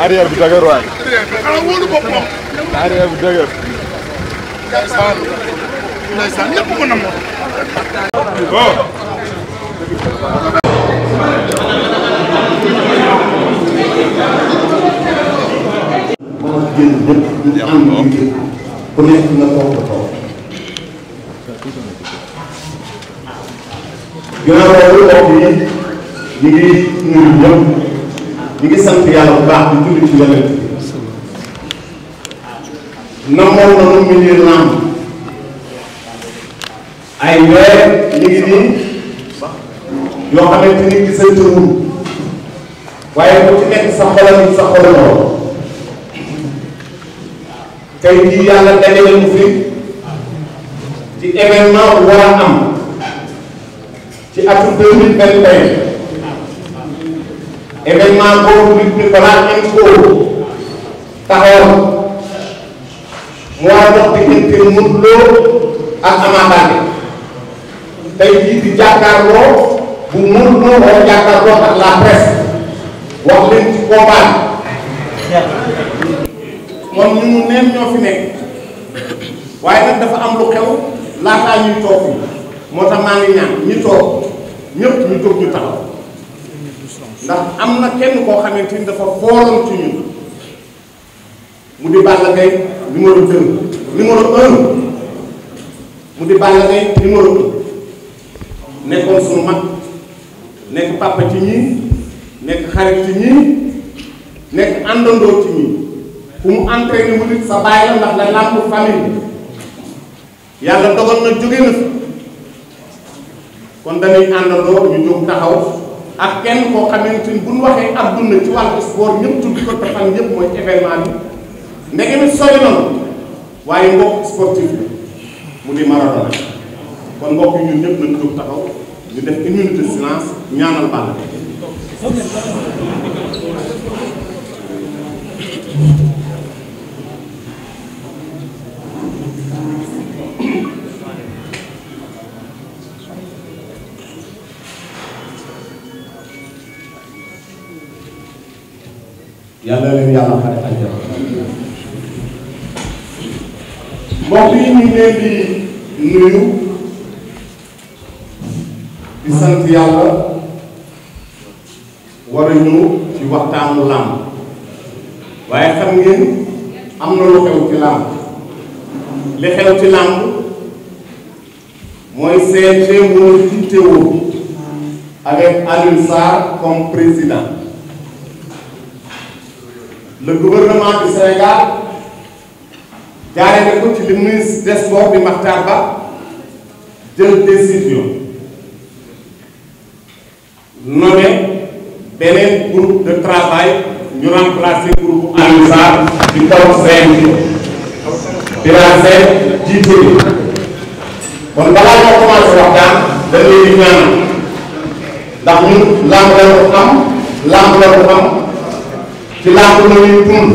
arrière bu dëgër waay. arrière bu dëgër. ndeysaan ñëpp ko namoon. jërëjëf ñu am liggéey ku nekk nga toog a toog ginnaaw loolu mbokk yi ñu ngi nuyu ñëpp ñu ngi sant yàlla bu baax di julli ci yonent bi namoon na nu mu nii làmb ay weer ñu ngi nii yoo xamante ni gisante wuñ waaye bu ci nekk sa xolal yi sa xolaloo tey jii yàlla dajale mu fi ci événement war a am ci atum deux mille vingt et un événement boobu nit ñi balaa Infos taxawoon mu war a dox diggante Modou Lo ak Ama tey jii di jàkkaarloo bu Modou Lo war jàkkaarloo ak la presse wax leen ci combat moom ñu neen ñoo fi nekk waaye nag dafa am lu xew laataa ñuy toog fii moo tax maa ngi ñaan ñi toog ñëpp ñu toog ñu taxaw ndax am na kenn koo xamante ni dafa fooloon ci ñun mu di Balla Gaye numéro 2 numéro 1 mu di Balla Gaye numéro 1 nekkoon suñu mag nekk papa ci ñii nekk xarit ci ñii nekk àndandoo ci ñii ku mu entraîné mu nit sa bàyyi la ndax la làmb famille yàlla dogal na jóge na kon dañuy àndandoo ñu jóg taxaw ak kenn koo xamante ni bu ñu waxee adduna ci wàllu sport ñëpp tudd ko te xam ñëpp mooy événement bi ndege mi sori noonu waaye mbokk sportif mu di Maradona kon mbokk yi ñun ñëpp nañu jóg taxaw ñu def une minute de silence ñaanal yàlla leen yàlla xare àjjana mbokk yi ñu ngi leen nuyu di yàlla war a ñëw ci waxtaanu làmb waaye xam ngeen am na lu xew ci làmb li xew ci làmb mooy CNG moo jiite woon avec Alioune Sarr comme président le gouvernement du Sénégal jaaree na ko ci le ministre des sports Ba jël décision nommé beneen groupe de travail ñu remplacer groupe ANSAR di kaw CNG Birane Sène jiite kon balaa ñoo commencé waxtaan dañ leen di ndax ñun làmb la ko xam làmb la ko xam dinaa ko mën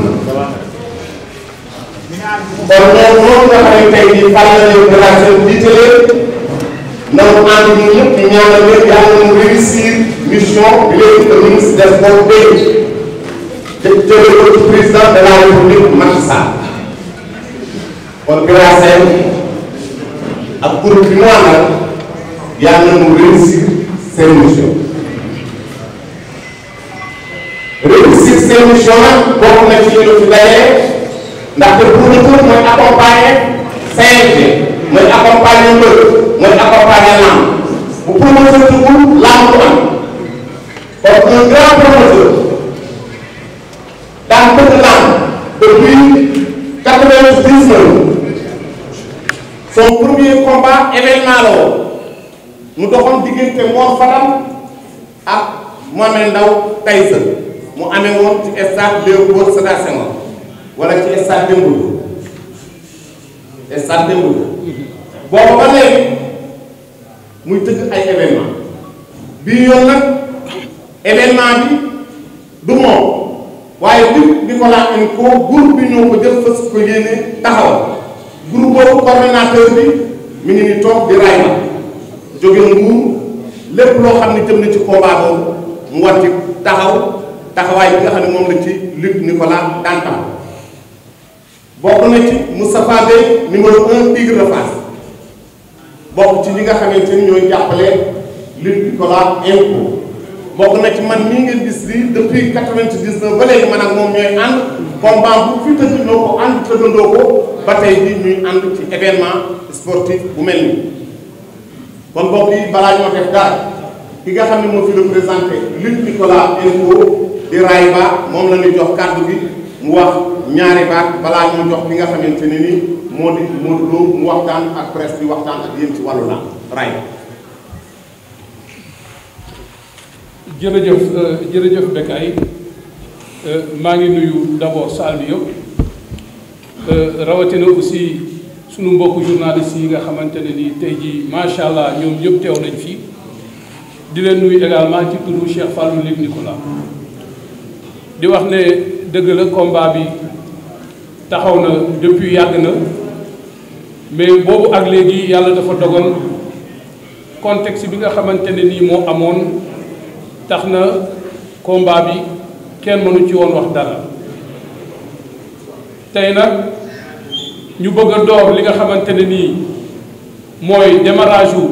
kon loolu moom nga xam ne tey jii fan la ñu gëlaasee jiite leen noonu ànd ñun ñëpp ñu ñaanal leen yàlla mu réussir mission bi leen le ministre des sports dénk te jëlee ko ci président de la république Macky Sall kon gëlaasee ak groupe bi mu àndal yàlla mu réussir seen mission réussir. seen mission bokk na ci ñu fi daje ndaxte pour le coup mooy accompagner CNG mooy accompagner mbër mooy accompagner lamb bu promoteur dugul lamb du am kon un grand promoteur daan bëgg lamb depuis quatre-vingt-dix-neuf son premier combat événement la woon mu doxoon diggante Mor Fadam ak Mohamed Ndao Tyson mu amee woon ci stade Léopold Sédar Senghor wala ci stade Dembourou stade Dembourou boobu ba léegi muy tëgg ay événement bii yoon nag événement bi du moom waaye lépp di ko laaj une ko groupe bi ñoo ko jël fës ko yéene taxawal groupe boobu coordonnateur bi mi ngi ni toog di raay ma jóge nguur lépp loo xam ne jëm na ci combat boobu mu war ci taxaw. taxawaay bi nga xam ne moom la ci Luc Nicolas daan taxaw bokk na ci Moustapha Bey numéro un Tigre de bokk ci ñi nga xamante ni ñooy jàppale Luc Nicolas Impôts bokk na ci man mii ngeen gis lii depuis quatre-vingt-dix-neuf ba léegi man ak moom ñooy ànd combat bu fi tëddandoo ko ànd tëddandoo ko ba tey bi ànd ci événement sportif bu mel nii kon bokk balaa ñoo def dara ki nga xam ne moo fi représenté Luc Nicolas Impôts di raay ba moom la ñu jox kàddu bi mu wax ñaari baat balaa ñu jox li nga xamante ne ni moo di Modou Lo mu waxtaan ak presse bi waxtaan ak yéen ci wàllu la raay ba. jërëjëf euh, jërëjëf Bécaye euh, maa ngi nuyu d'abord saal bi yëpp euh, rawatina aussi sunu mbokku journaliste yi nga xamante ne ni tey jii macha allah ñoom yëpp teew nañ fii di leen nuyu également ci turu Cheikh Fallou Luc Nicolas. di wax ne dëgg la combat bi taxaw na depuis yàgg na mais boobu ak léegi yàlla dafa dogoon contexte bi nga xamante ne nii moo amoon tax na combat bi kenn mënu ci woon wax dara tey nag ñu bëgg a door li nga xamante ne nii mooy démarrage u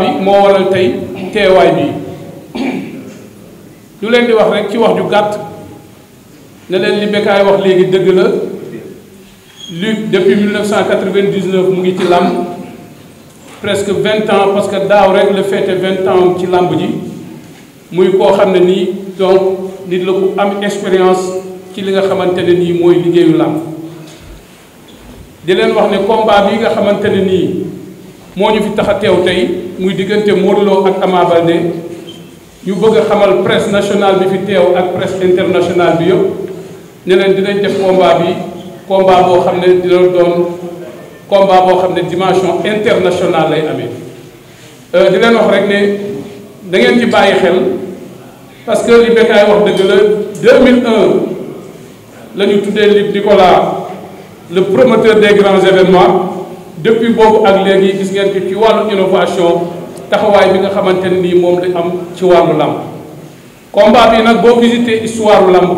bi moo waral tey teewaay bi lu leen di wax rek ci wax ju gàtt ne leen li Bécaye wax léegi dëgg la lutte depuis 1999 mu ngi ci làmb presque vingt ans parce que daaw rek la fête vingt ans ci làmb ji muy koo xam ne nii donc nit la ku am expérience ci li nga xamante ne nii mooy liggéeyu làmb di leen wax ne combat yi nga xamante ne nii moo ñu fi tax a teew tey muy diggante Modou Lo ak Ama Baldé ñu bëgg a xamal presse nationale bi fi teew ak presse internationale bi yëpp ne leen dinañ def combat bi combat boo xam ne dina doon combat boo xam ne dimension internationale lay amee euh, di wax rek ne da ngeen ci bàyyi xel parce que li Bécaye wax dëgg la 2001 la ñu tuddee li Nicolas le promoteur des grands événements depuis boobu ak léegi gis ngeen ci ci wàllu innovation taxawaay bi nga xamante ne nii moom la am ci wàllu làmb combat bi nag boo visité histoire làmb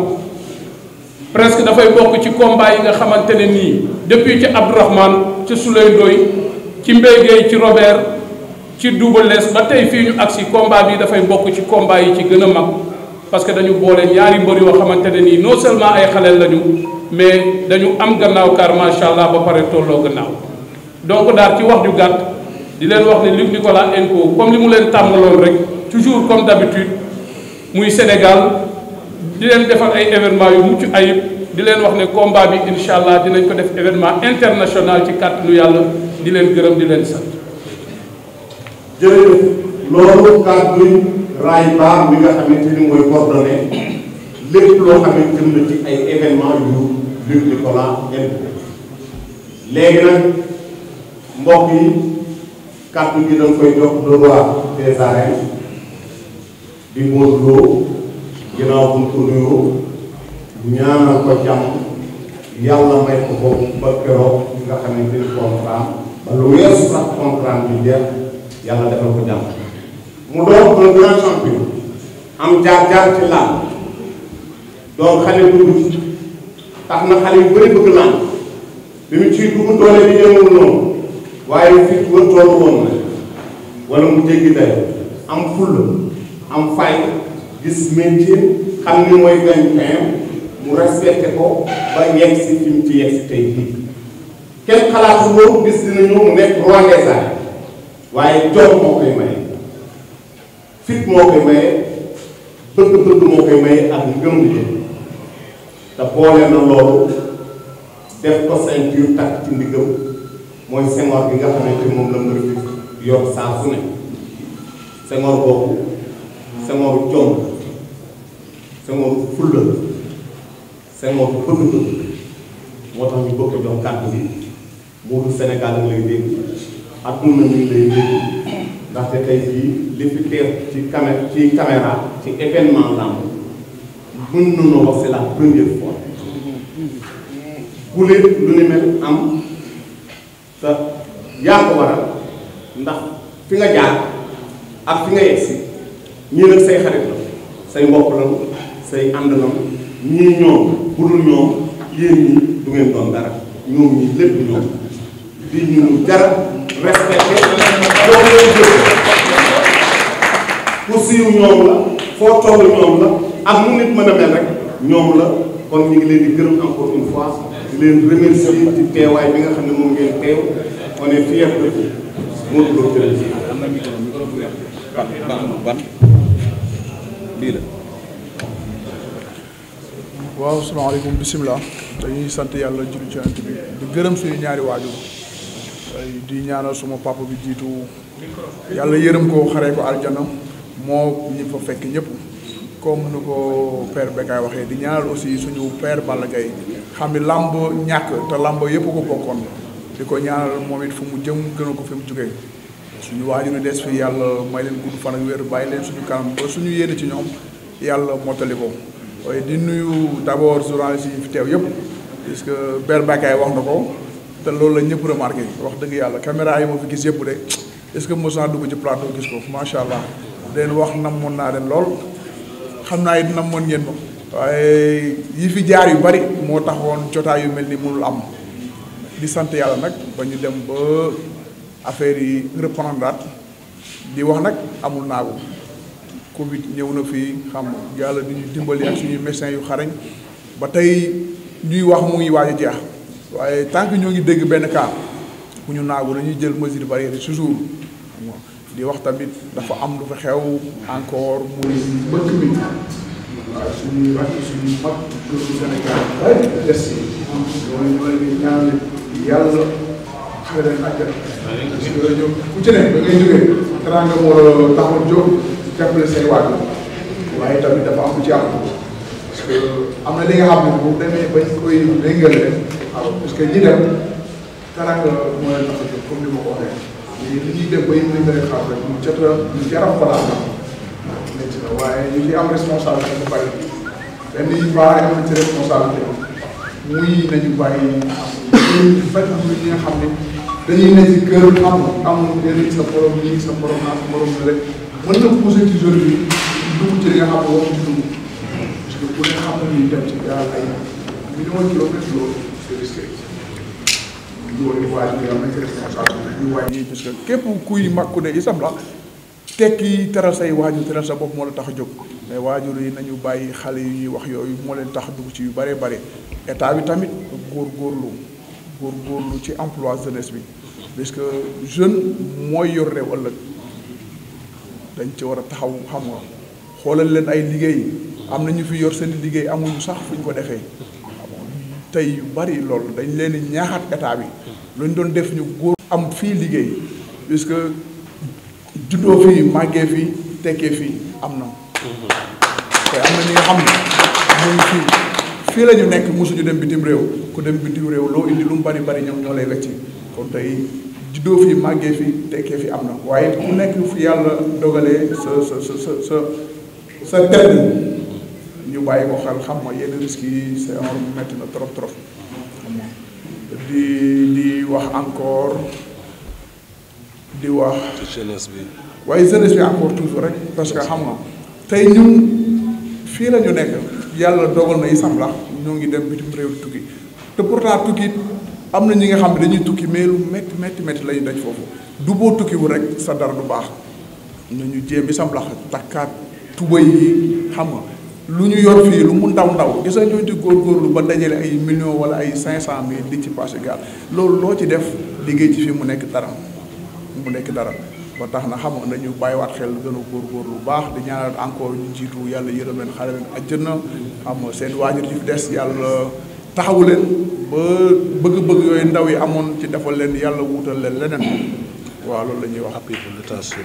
presque dafay bokk ci combat yi nga xamante ne nii depuis ci Abdourahmane ci Souley doy ci Mbaye Guèye ci Robert ci Double Less ba tey fii ñu agsi combat bi dafay bokk ci combat yi ci gën a mag parce que dañu boole ñaari mbër yoo xamante ne nii non seulement ay xaleel lañu mais dañu am gannaaw kaar allah ba pare tolloo gannaaw donc daal ci wax ju gàtt. di leen wax ne Luc Nicolas Enco comme li mu leen tàmmaloon rek toujours comme d'habitude muy Sénégal di leen defal ay événements yu mucc ayib di leen wax ne combat bi incha allah dinañ ko def événement international ci kàttanu yàlla di leen gërëm di leen sant. jërëjëf loolu kàddu ni mooy coordonné lépp loo xamante ni ci ay événements yu léegi nag mbokk yi. kàddu gi dañ koy jox le des arènes di Modou Lo ginnaaw bu ñu ko nuyoo ñaanal ko jàmm yàlla may ko bopp ba keroog nga xam ne dina comprendre ba lu weesu sax comprendre bi jeex yàlla defal ko jàmm mu doon un grand champion am jaar-jaar ci làmb doon xale bu dugg tax na xale yu bëri bëgg làmb bi mu ciy dugg doole di ñëwul noonu waaye fit wër toolu woon na wala mu jéggi dayo am fulla am fay gis métier xam ni mooy gagne-pain mu respecté ko ba yegg si fi ci yegg si tey kenn xalaat su boobu gis dina ñëw mu nekk roi des waaye jom moo koy maye fit moo koy maye bëgg-bëgg moo koy maye ak ngëm li te boole na loolu def ko ceinture takk ci ndigam mooy Senghor bi nga xamante ni moom la mbër bi yor saa su ne Senghor boobu Senghor jom Senghor fulla Senghor bëgg moo tax ñu bokk jox kàddu bi buuru Sénégal nga lay dégg adduna mi ngi lay dégg ndaxte tey jii li ci camé ci caméra ci événement làmb mën nañoo wax c'est la première fois bu mm-hmm. leen lu ni mel am te yaa ko waral ndax fi nga jaar ak fi nga yegsi ñii nag say xarit la say mbokk la say ànd la ñii ñoom budul ñoom yéen ñi du ngeen doon dara ñoom ñi lépp ñoom la foo toll ñoom la ak mu nit mën a mel rek ñoom la kon ñu ngi leen di gërëm encore une fois di leen remercier ci nga xam ne moom ngeen teew on est fier de waaw salaamaaleykum dañuy sant yàlla julli ci Yonent bi di gërëm suñu ñaari waajur di ñaanal suma papa bi jiitu yàlla yërëm ko xare ko aljana moo ñi fa fekk ñëpp. comme nu ko père Bécaye waxee di ñaanal aussi suñu père Balla Gaye xam ni làmb ñàkk te làmb yëpp ko bokkoon di ko ñaanal moom it fu mu jëm gënal ko fi mu jugee suñu waajur des fi yàlla may leen gudd fan ak weer bàyyi leen suñu kanam ba suñu yéene ci ñoom yàlla mottali ko waaye di nuyu d' abord journaliste yi fi teew yëpp parce que père Bécaye wax na ko te loolu la ñëpp remarqué wax dëgg yàlla kamera yi ma fi gis yëpp de est ce que mos naa dugg ci plateau gis ko macha allah leen wax namoon naa leen lool. xam naa it namoon ngeen ma waaye yi fi jaar yu bari moo taxoon jotaay yu mel ni mënul am di sant yàlla nag ba ñu dem ba affaire yi reprendre di wax nag amul naagu Covid ñëw na fi xam yàlla di ñu dimbali ak suñu médecins yu xarañ ba tey ñuy wax mu ngi waaj jeex waaye tant que ñoo ngi dégg benn cas bu ñu naagu dañuy jël mesure barrière toujours di wax tamit dafa am lu fa xew encore muy mbëkk mi waaw suñuy rakk suñuy mag suñu Sénégal bari des loolu ñu leen di ñaanal yàlla xale leen àjjana parce que rajo ku ci ne da ngay jógee teraanga moo la taxoon jóg say waajur waaye tamit dafa am lu parce que am na li nga xam ne bu demee bañ koy léngale parce que ñi dem teraanga moo leen tax a jóg comme ni ma ko waxee li ñuy def ba yëngu a xaar rek mu jot a jaram xalaat la métti la waaye ñu ngi am responsabilité bu bari benn yu bari am na ci responsabilité muy nañu bàyyi am faj ñi nga xam ne dañuy ne ci kër am am léeg sa borom nii sa borom ak borom la rek mën na pousser ci zone bi dugg ci li nga xam ne waru ci dugg parce que ku ne xam na ñuy dem ci gaal ay millions kilomètres loolu parce que képp kuy mag ku ne isam la tekki teral say waajur teral sa bopp moo la tax a jóg mais waajur yi nañu bàyyi xale yi ñuy wax yooyu moo leen tax dugg ci yu bare bare état bi tamit góor góorlu góor góorlu ci emploi jeunesse bi parce que jeune mooy yor réew ëllëg dañ ci war a taxaw xam nga xoolal leen ay liggéey am na ñu fi yor seen liggéey amuñu sax fu ñu ko defee tey yu bari loolu dañ leen ñaaxat ñaaxaat état bi lu doon def ñu góor am fii liggéey que juddoo fii màggee fii tekkee fii am na te am na ñi xam ne ñu ngi fii fii la ñu nekk mosuñu dem bitim réew ku dem bitim réew loo indi lu bari bari ñoom ñoo lay wecci kon tey juddoo fii màggee fii tekkee fi am na waaye ku nekk fi yàlla dogalee sa sa sa sa sa tedd ñu bàyyi ko xel xam nga yenn risques yi c'est métti na trop trop di di wax encore di wax. jeunesse bi. waaye jeunesse bi encore toujours rek parce que xam nga tey ñun fii la ñu nekk yàlla dogal na yi sax la ñoo ngi dem bitim réew tukki te pourtant tukki am na ñi nga xam ne dañuy tukki mais lu métti métti métti la ñu daj foofu du boo tukkiwul rek sa dara du baax ñu jéem i sam lax takkaat tuba yi xam nga. lu ñu yor fii lu mu ndaw ndaw gis nga góor ci góorgóorlu ba dajale ay millions wala ay cinq cent mille di ci passé gaal loolu loo ci def liggéey ci fii mu nekk dara mu nekk dara ba tax na xamoon nga nañu bàyyiwaat xel gën góor góor bu baax di ñaanal encore ñu jiitu yàlla yërëm leen xale leen jën na nga seen waajur yi fi des yàlla taxawu leen ba bëgg-bëgg yooyu ndaw yi amoon ci defal leen yàlla wuutal leen leneen waaw loolu la wax appui pour l'état sur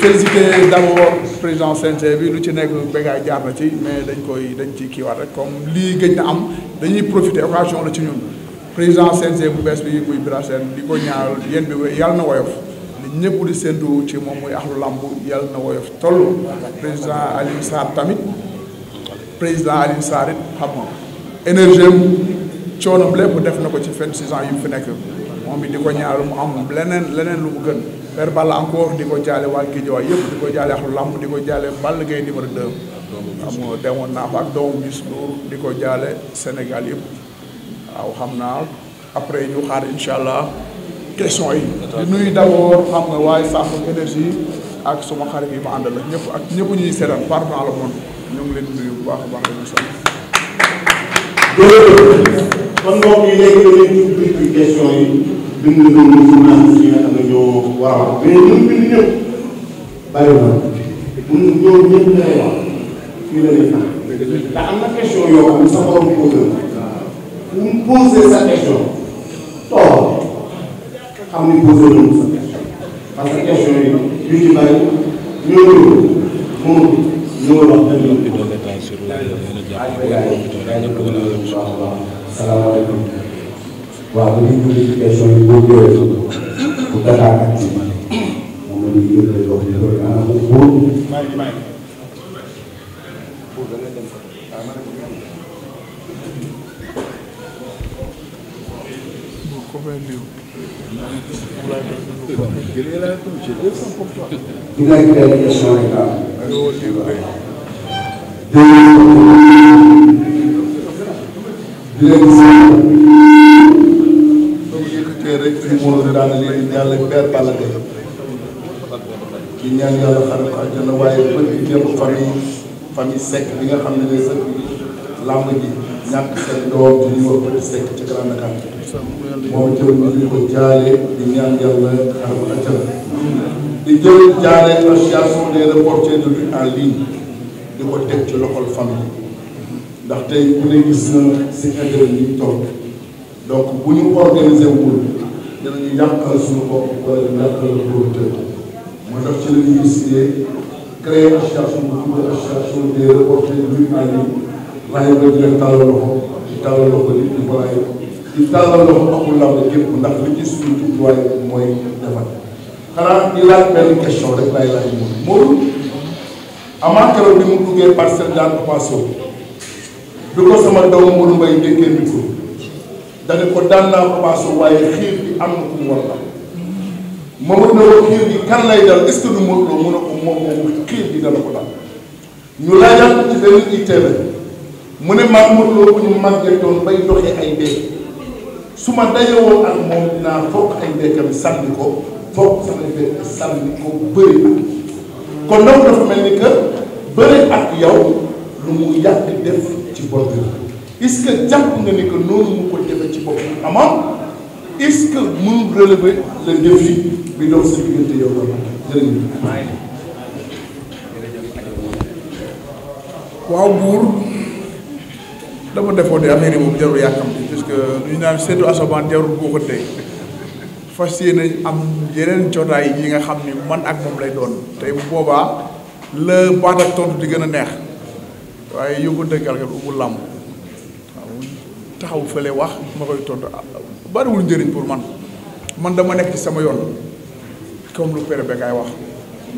félicité d'abord président CNG bi lu ci nekk bégaay jaar na ci mais dañ koy dañ ci kiiwaat rek comme lii gëj na am dañuy profité occasion la ci ñun président CNG bu bees bi muy Bira Sène di ko ñaanal yéen bi yàlla na woyof li ñëpp di séentu ci moom muy axlu làmb yàlla na woyof toll président Alioune Sarr tamit président Alioune Sarr it xam nga énergie am coonoom def na ko ci 26 ans yi mu fi nekk moom bi di ko ñaar mu am leneen leneen lu mu gën Père Balla encore di ko jaale waa Guédiawaye yëpp di ko jaale ak làmb di ko jaale Balla Gaye numéro 2 am demoon naa fa ak doomu Youssou Ndour di ko jaale Sénégal yëpp waaw xam naa après ñu xaar incha allah question yi di nuyu d'abord xam nga waaye Safa énergie ak suma xarit yi ma àndal la ñëpp ak ñëpp ñuy seetaan partout dans le monde ñu leen nuyu bu baax a baax dañu kon mbokk yi léegi dañuy ñëw biir question yi bind nañu journaliste yi nga xam ne ñoo war a wax mais ñun bind ñëpp bàyyi na mun ñoo ñëpp lay wax fii la ñuy tax te am na question yoo xam ne sa borom posé la bu mu posé sa question toog xam ni posé nañu sa question parce que question yi yu ci bari ñoo ñëw moom ñoo wax dañu. salaamaaleykum waaw bu ñu ñëwee ci question yi boo ñëwee bu Dakar ak ci moom la ñuy yëkkati wax ne loolu maanaam bu wóor di nga gis question rek di leen seetlu soo yëkkatee rek ci moo la daan leen yàlla père Balla Gaye di ñaan yàlla xar ko àjjana waaye bëgg démb famille famille Seck bi nga xam ne day sëkk làmb ji ñàkk seen doom di ñu wax bëgg Seck ci Grand Dakar moom jël ñu ngi ko jaale di ñaan yàlla xar ko àjjana di jël jaale association des reporters de lutte en ligne di ko teg ci loxol famille ndax tey bu ne gis na si intérêt ñuy toog donc bu ñu organiser wul dinañu yàqal suñu bopp wala ñu yàqal le producteur moo tax ci la ñuy initier créer association bu tudd association des reporters luy naa ni laaj nga di leen tàllal loxo di tàllal loxo di di ko laaj di tàllal loxo amul làmb gépp ndax li ci suñu jubluwaay mooy defar xanaa di laaj benn question rek laay laaj moom Modou Ama keroog bi mu duggee parcelle daan Papa Sow bi ko sama doom Modou Mbaye njëkkee micro dana ko daan naa Papa waaye xiir bi am na ku mu war a Mamadou ne ko xiir bi dal ko moom moomu xiir bi dana ko dal ñu mu ne maam Modou Lo bu ñu màggetoon bay doxee ay beek su ma dajewoo ak moom dinaa fokk ay beekam sànni ko fokk samay beek sànni ko bëri na kon nag dafa mel ni que bëri ak yow lu mu yàgg def. ci bopp bi est-ce que jàpp nga ni que noonu mu ko defee ci bopp bi amam est-ce que mënul relever le défi bi dox sa diggante yow la jërëjëf. waaw buur dama defoo de affaire yi moom jarul yàkkamti puisque lu ñu naan seetu asamaan jarul boo ko tey fas yéene am yeneen cootaay yi nga xam ni man ak moom lay doon tey bu boobaa la baat ak tontu di gën a neex. waaye yóbbante calcul ubbu làmb waaw taxaw fële wax ma koy tontu ah, bariwul njëriñ pour man man dama nekk ci sama yoon comme lu père Bekaay wax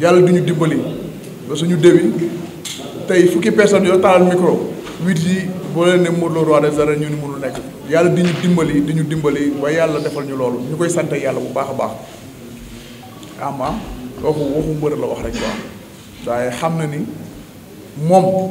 yàlla du ñu dimbali ba suñu déwi tey fukki personne yoo taalal micro huit yi boo leen ne Modou Lo roi des arènes ñu ni mënul nekk yàlla di ñu dimbali di ñu dimbali ba yàlla defal ñu loolu ñu koy sant yàlla bu baax a baax ama kooku waxu mbër la wax rek waaw waaye xam na ni moom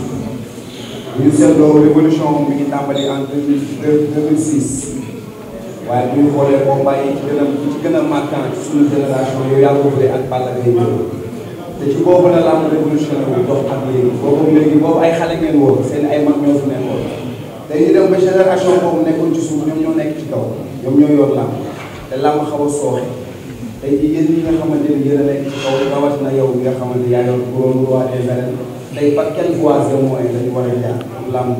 bu ñu seetloo révolution bi ngi tàmbali en deux mille deux mille six waaye bu ñu xoolee combat yi ci gën a ci gën a marquant a suñu génération yooyu yaa ngi ak Balla Gaye te ci boobu la làmb révolutionnaire wu dox ak léegi boobu léegi boobu ay xale ngeen woon seen ay mag ñoo fi nekkoon te ñu dem ba génération boobu nekkoon ci suuf ñoom ñoo nekk ci kaw ñoom ñoo yor làmb te làmb xaw a te tey jii yéen ñi nga xamante ni a nekk ci kaw rawatina yow bi nga xamante yaa yor couronne roi tey par quelle voie de moyen lañu war a jaar pour làmb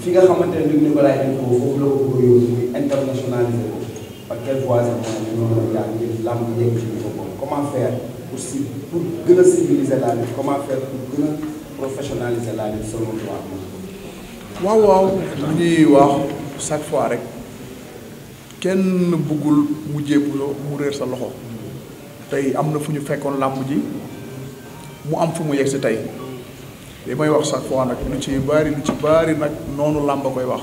fi nga xamante ne Luc Nicolaï dañ ko foofu la ko bëgg a yóbbu muy internationaliser ko par quelle voie de moyen lañu war a jaar ngir làmb yegg ci niveau boobu comment faire pour si pour gën a civiliser la lutte comment faire pour gën a professionnaliser la lutte selon toi. waaw waaw li ñuy wax chaque fois rek kenn bëggul mu jébbuloo mu réer sa loxo tey am na fu ñu fekkoon làmb ji mu am fu mu yegg si tey. li may wax chaque fois nag lu ci bari lu ci baari nag noonu làmb koy wax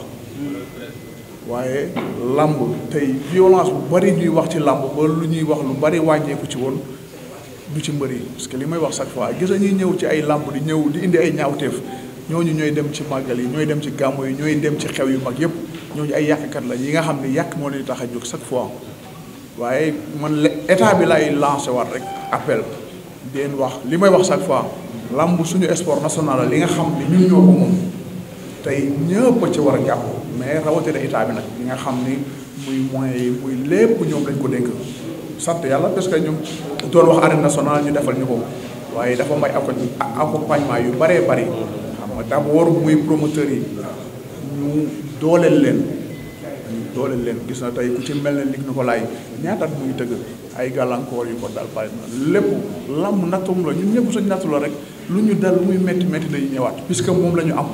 waaye làmb tey violence bu bari ñuy wax ci làmb ba lu ñuy wax lu bari wàññeeku ci woon du ci mbëri parce que li may wax chaque fois gis ñuy ñëw ci ay làmb di ñëw di indi ay ñaawteef ñooñu ñooy dem ci màggal yi ñooy dem ci gàmmu yi ñooy dem ci xew yu mag yëpp ñooñu ay yàqkat la yi nga xam ne yàq moo leen tax a jóg chaque fois waaye man état bi lay lancé waat rek appel deen wax li may wax chaque fois. làmb suñu sport national la li nga xam ne ñun ñoo ko moom tey ñëpp a ci war a jàpp mais rawatina état bi nag li nga xam ni muy moyens yi muy lépp ñoom lañ ko dénk sant yàlla parce que ñoom doon wax arène nationale ñu defal ñu ko waaye dafa may accompagnement yu baree bari xam nga d'abord muy promoteur yi ñu dooleel leen ñu dooleel leen gis na tey ku ci mel ne lig na ko laay ñaataat muy tëgg ay gàllankoor yu ko dal bari na lépp làmb nattum la ñun ñëpp suñ nattu la rek lu ñu dal lu muy métti métti dañuy ñëwaat puisque moom la ñu am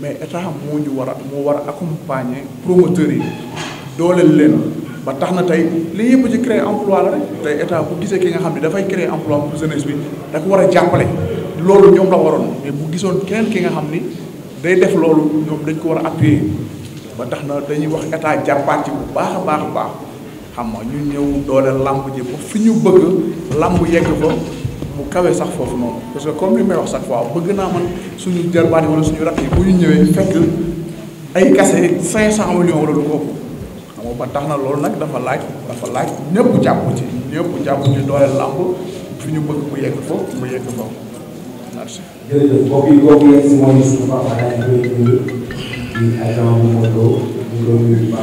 mais état moo ñu war a moo war a accompagner promoteurs yi dooleel leen ba tax na tey lii yëpp ci créer emploi la rek tey état bu gisee ki nga xam ne dafay créer emploi pour jeunesse bi da war a jàppale loolu ñoom la waroon mais bu gisoon keneen ki nga xam ni day def loolu ñoom dañ ko war a appuyer ba tax na dañuy wax état jàppaat ci bu baax a baax baax xam na ñu ñëw doole làmb ji ba fi ñu bëgg làmb yegg fa mu kawe sax foofu noonu parce que comme li may wax chaque fois bëgg naa man suñu jarbaat yi wala suñu rakk yi bu ñu ñëwee fekk ay kase 500 millions wala lu ko xam nga ba tax na loolu nag dafa laaj dafa laaj ñëpp jàpp ci ñëpp jàpp ci doole làmb fi ñu bëgg mu yegg fa mu yegg fa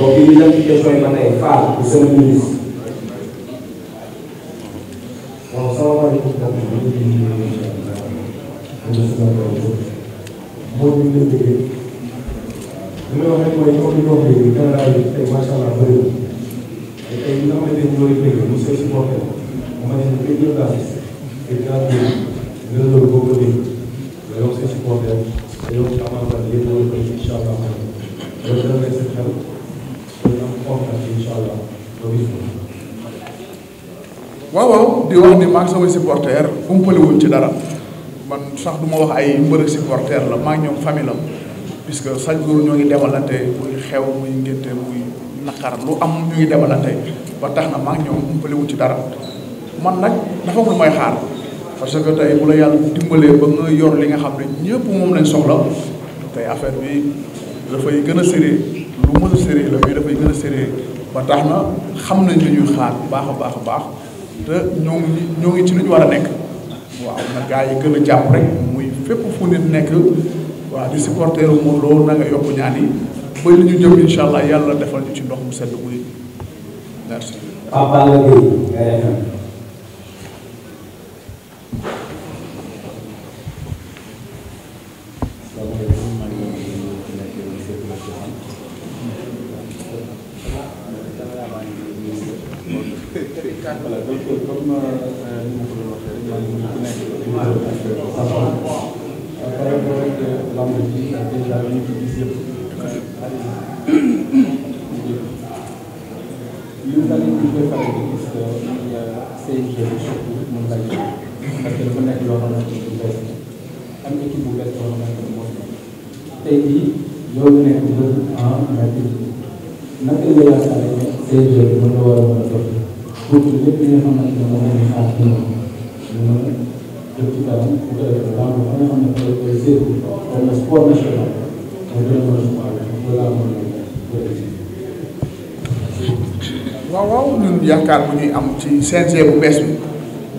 donc bi ñu dem ci question yi ba tey Fall du seen ministre donc sama wàllu bopp bi ñu ngi moo ñu leen déggee li may wax rek mooy comme ni ko waxee léegi caméra yi tey macha allah bëri na te tey li nga xamante ni ñooy dégg mu see supporté ma ne ñu jël daal te daal di gën loolu boo ko dégg dañoo see supporté dañoo ci amal ba léegi loolu koy incha allah loolu dana nekk seen xel incha allah waaw waaw di wax ni maa ngi sama supporter ci dara man sax du ma wax ay mbërëg supporter la maa ñoom famille la puisque chaque jour ñoo ngi demalante muy xew muy ngénte muy naqar lu am ñu ngi demalante ba tax na maa ñoom umpalewuñ ci dara man nag dafa ko may xaar parce que tey bu la yàlla dimbalee ba nga yor li nga xam ne ñëpp moom lañ soxla tey affaire bi dafay gën a serré lu mën a serré la mais dafay gën a serré ba tax na xam nañ li ñuy xaar bu baax a baax a baax te ñoo ngi ci lu ñu war a nekk waaw na gaa yi gën a jàpp rek muy fépp fu nit nekk waaw di supporter moom loolu na nga yokk ñaan yi ba li ñu jëm incha allah yàlla defal ñu ci ndox mu sedd buy merci. nga xamante ne moom waaw waaw ñun yaakaar bu ñuy am ci CNG bu bees bi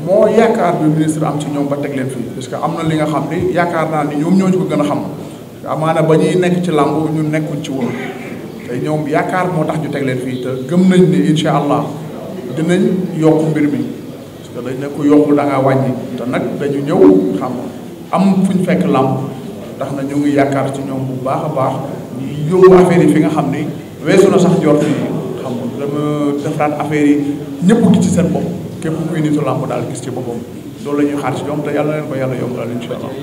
moo yaakaar bi ministre am ci ñoom ba teg leen fii parce que am na li nga xam ni yaakaar naa ni ñoom ñoo ci gën a xam amaana ba ñuy nekk ci làmb ñu nekkul ci woon te ñoom yaakaar moo tax ñu teg leen fii te gëm nañ ni incha allah. dinañ yokk mbir mi parce que dañ ne ko yokk da ngaa wàññi te nag dañu ñëw xam am fu ñu fekk làmb tax na ñu ngi yaakaar ci ñoom bu baax a baax ñu yóbbu affaire yi fi nga xam ni weesu na sax jort yi xam nga dama defaraat affaire yi ñëpp gis ci seen bopp képp kuy nitu làmb daal gis ci boppam loolu la ñuy xaar ci ñoom te yàlla leen ko yàlla yombalal incha allah.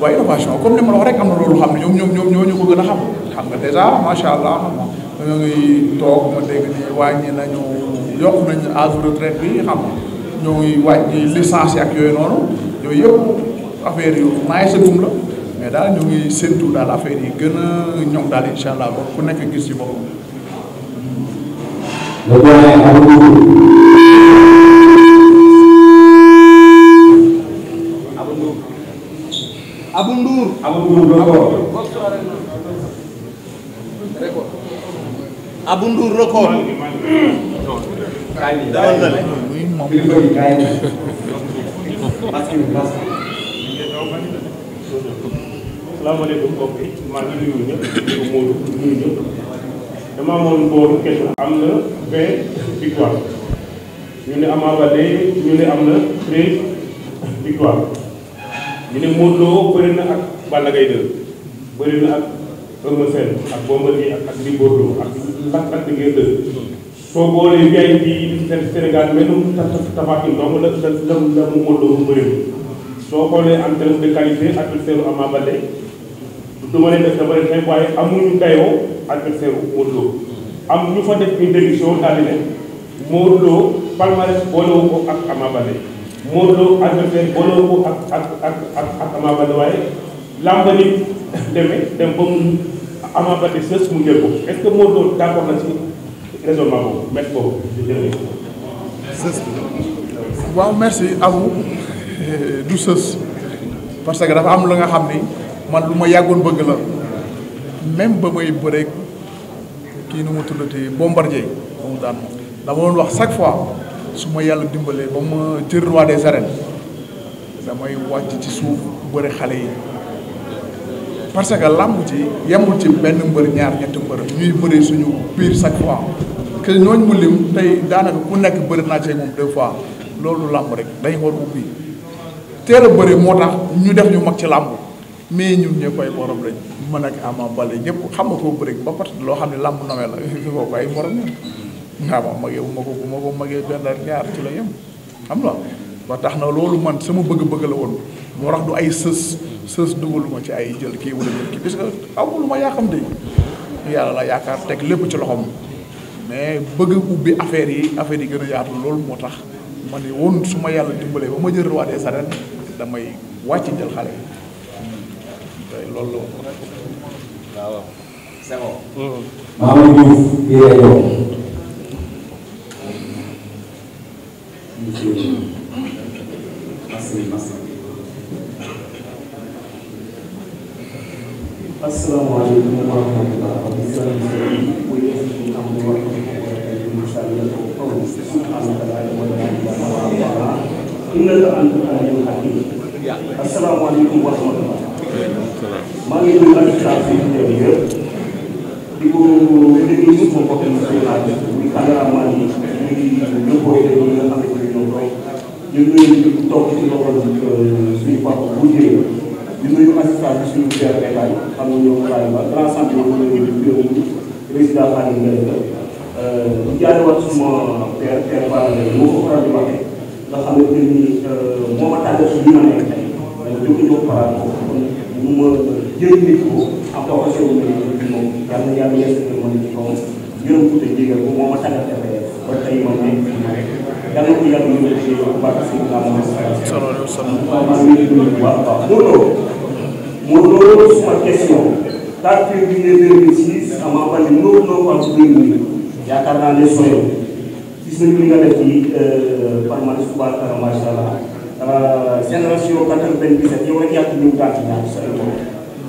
waaye innovation comme ni ma la wax rek am na loolu xam ne ñoom ñoom ñoo ñu ko gën a xam xam nga dèjà macha allah. dañoo ngi toog ma dégg ni wàññi nañu yokk nañu âge retraite bi xam ñoo ngi wàññi licence yi ak yooyu noonu yooyu yëpp affaire yu naay sagum la mais daal ñoo ngi séntu daal affaire yi gën a ñoom daal incha allah ba ku nekk gis ci boppam. Abou Ndour Abou Ndour Youssou Ndour record. daawoon na le. salaamaaleykum mbokk yi maa ngi nuyu ñëpp dama amoon booru question am na vingt victoire ñu ne Ama Baldé ñu ne am na treize victoire ñu ne Modou Lo bëri ak Balla Gaye 2 ak Eumeu Sène ak Bombardier ak ak Gris Bordeaux ak Lac Lac de Guiers 2 soo boolee VIP yi ci Sénégal menum Tapha Tine dong la la la la mu mënuloo mu bëri soo xoolee en terme de qualité adversaire u Ama Baldé du ma leen def dama leen xeeb waaye amuñu dayoo adversaire u Modou Lô am ñu fa def une démission daal di ne Modou Lô palmarès boolewoo ko ak Ama Baldé Modou Lô adversaire boolewoo ko ak ak ak ak Ama Baldé waaye lamba nit demee dem ba mu Ama Baldé sës mu jël ko est-ce que moo doon d'accord na ci raisonnement boobu met boobu sës waaw merci à du sës parce que dafa am la nga xam ni man lu ma yàggoon bëgg la même ba may bëreeg kii nu mu tuddati bombardier ba mu daan dama doon wax chaque fois su ma yàlla dimbalee ba ma jël roi des arènes damay wàcc ci suuf bëre xale yi. parce que làmb ci yemul ci benn mbër ñaar ñetti mbër ñuy bëree suñu biir chaque fois que ñooñu mu lim tey daanaka ku nekk bëri naa ci moom deux fois loolu làmb rek dañ war ubbi teel a bëri moo tax ñu def ñu mag ci làmb mais ñun ñëpp ay borom lañ mën ak Ama Baldé ñëpp xam nga koo bëri ba pat loo xam ne làmb nawee la fi foofu ay borom lañ waaw ma magee bu ma ko bu ma ko magee benn ñaar ci la yem xam nga ba tax na loolu man sama bëgg-bëgg la woon moo tax du ay sës sës dugaluma ci ay jël kii wala jël kii parce que awulu ma yaaxamte yàlla la yaakaar teg lépp ci loxoom mais bëgg ubbi affaire yi affaire yi gën a yaatu loolu moo tax ma ne woon su ma yàlla dimbalee ba ma jël roi des arènes damay wàcc jël xale yi sëriñ Mass asalaamaaleykum wa rahmatulah wa rahmatulah. asalaamaaleykum wa rahmatulah. maa ngi nuyu ak saa fi ñu teew yëpp di ko déglu ñu ko bokkee ñu koy laaj muy caméraman yi muy ñëpp nga xam ne ñoom ñu nuyu ñu toog ci loxol euh, suñu papa bu jëlee di nuyu assistance bi suñu DRD Baye xam nga ñoom Baye Ba l'ensemble bi ñu ngi leen di gërëm président Aliou Ndeye di jaareewaat suma père père Balla Gaye moo ko faral di waxee nga xam ne ni euh, moo ma tàggat si ñu ma nekk tey jóge jox faral ko kon mu ma jëriñ ko ak occasion bi moom yàlla na yàlla yegg si ma ne ci kawam gërëm ko te jégal ko moo ma tàggat ba tey moom lañ fi ñëw rek yàlla na ko yàlla ñu ngi ci barke si Seydina Muhammad sallallahu alayhi wa sallam maa ngi leen di nuyu bu baax a baax Modou Modou loolu suma question date bi ne 2006 Ama Baldé noo noo am yaakaar naa ne sooy gis nañu li nga def ci parlement Soubassara macha allah génération 97 yow rek yàgg ñu daal ci ñaar sooy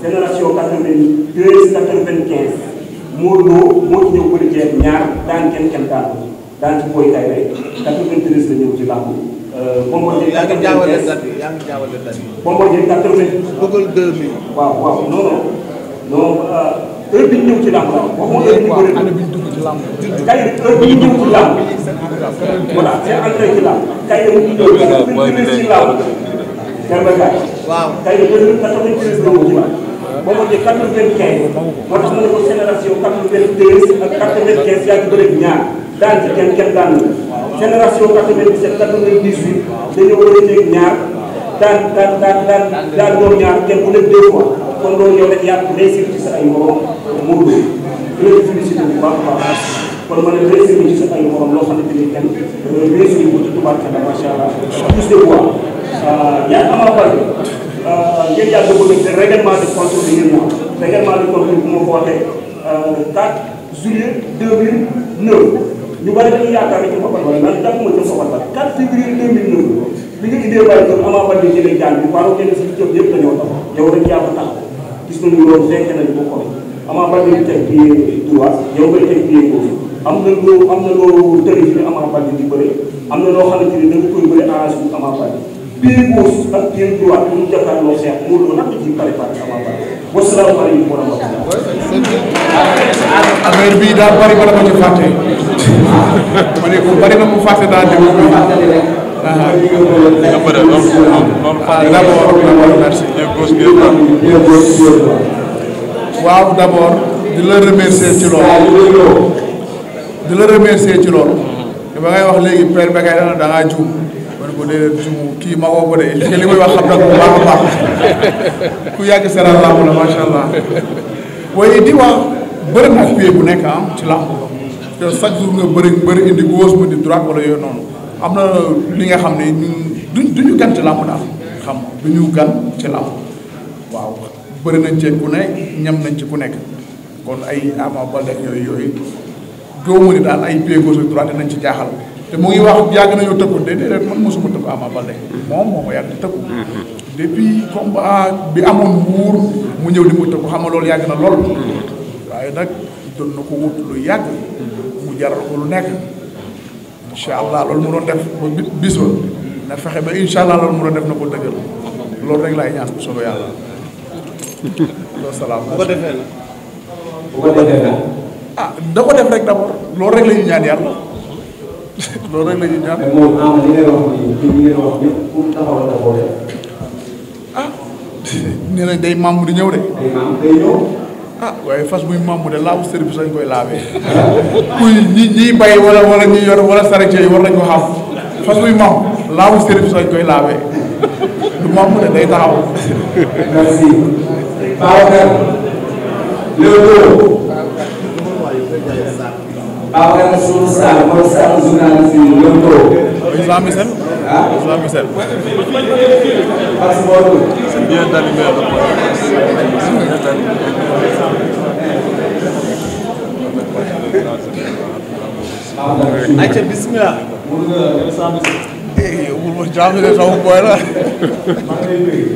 génération 92 95 Modou moo ci ñëw bëri jeex ñaar daan kenn kenn daal daan ci booy kay rek 93 la ñëw ci làmb. Euh, Bombardier yaa ngi jaawale date bi yaa ngi jaawale date bi. Bombardier 80. bëggal 2000. waaw waaw non non non euh, heure bi ñu ñëw ci làmb la waxuma heure bi ñu bëri. année bi ñu dugg ci làmb. kay heure bi ñu ñëw ci làmb. voilà c' est entré ci làmb. kay yow ñu ñëw ci làmb. Demba Ndiaye. waaw kay yow 93 la ñëw ci làmb. Bombardier 95. moo tax ma ne ko génération 92 ak 95 yaa ngi bëri ñaar. daan ci kenn kenn daan génération 97 98 dañoo war a jël ñaar daan daan daan daan daan ñoom ñaar kenn ku nekk deux fois kon loolu yow rek yaa réussir ci sa ay morom mu dul loolu félicité bu baax a baax kon ma ne réussir ci sa ay morom loo xamante ni kenn réussir ko ci tubaab kanam macha allah plus de voix euh, ñaar Ama Baldé euh, ngeen yàgg ko nag règlement de compte bi ngeen wax règlement de compte bi bu ma ko waxee 4 euh, juillet 2009 ñu bari dañuy yaakaar ne ci boppam wala man jàppuma ci soxal ba 4 février 2009 bi nga indee bàyyi ko Ama Baldé jëlee jaan bi waaw kenn si jëf yëpp dañoo tax yow rek yaa ko tax gis nañu loolu fekk nañu ko xool Ama Baldé di teg pied droit yow ngay teg pied gauche am na loo am na loo tëri fi Ama Baldé di bëre am na loo xamante ni da nga koy bëre arrange bu Ama Baldé pied gauche ak pied droit bu ñu jàkkaarloo xeex moo loo nag ci préparé Ama Baldé wasalaamaaleykum wa rahmatulah. affaire bii daa bëri ba dama ci fàtte. ma ne ko na mu fàtte daal di ko. ah li di la remercier ci loolu. di la remercier ci loolu. te ba ngay wax léegi père Bécaye dana da ngaa ko léeg-léeg suñu kii li muy wax xam nag bu baax a baax ku yàgg seeraan làmb la macha allah waaye di wax bëri na appui bu nekk am ah ci làmb te chaque jour nga bëri bëri indi gauche mu di droite wala yooyu noonu am na li nga xam ne ñun duñ duñu gan ci làmb daal xam duñu gan ci làmb waaw bëri nañ ci ku nekk ñam nañ ci ku nekk kon ay Ama Baldé yooyu yooyu góobu ni daal ay pied gauche ak droite nañ ci jaaxal. mu ngi wax yàgg nañoo tëkku déedéet man mosuma tëkku Ama Baldé moom moo a yàgg di tëkku. depuis combat bi amoon wuur mu ñëw di mu tëkku xam nga loolu yàgg na lool. waaye nag doon na ko wut lu yàgg. mu jaral ko lu nekk. incha allah loolu mu doon def ba bis ba na fexe ba incha allah loolu mu doon def na ko dëggal loolu rek laay ñaan bu soobee yàlla. loolu salaam. bu ko defee ko defee ah, rek loolu rek la ñuy ñaan yàlla. loolu rek la ñuy ñaan. moom am li ngay rek. ah nee nañ day membre di ñëw de. day membre day ñëw. ah waaye fas muy membre de laaw service lañ bay wala wala ñi yor wala saret yooyu war nañ ko xam fas muy membre laaw service lañ koy laawee du membre de day taxaw. Babacar Sow Sall moom sama journaliste yi ñoom Ndoo. Islam Missel. ah Islam Missel. passeport. c'est bien d'allumer ayca bisimilah. wul ma jaaxle sama boy la. maa ngi lay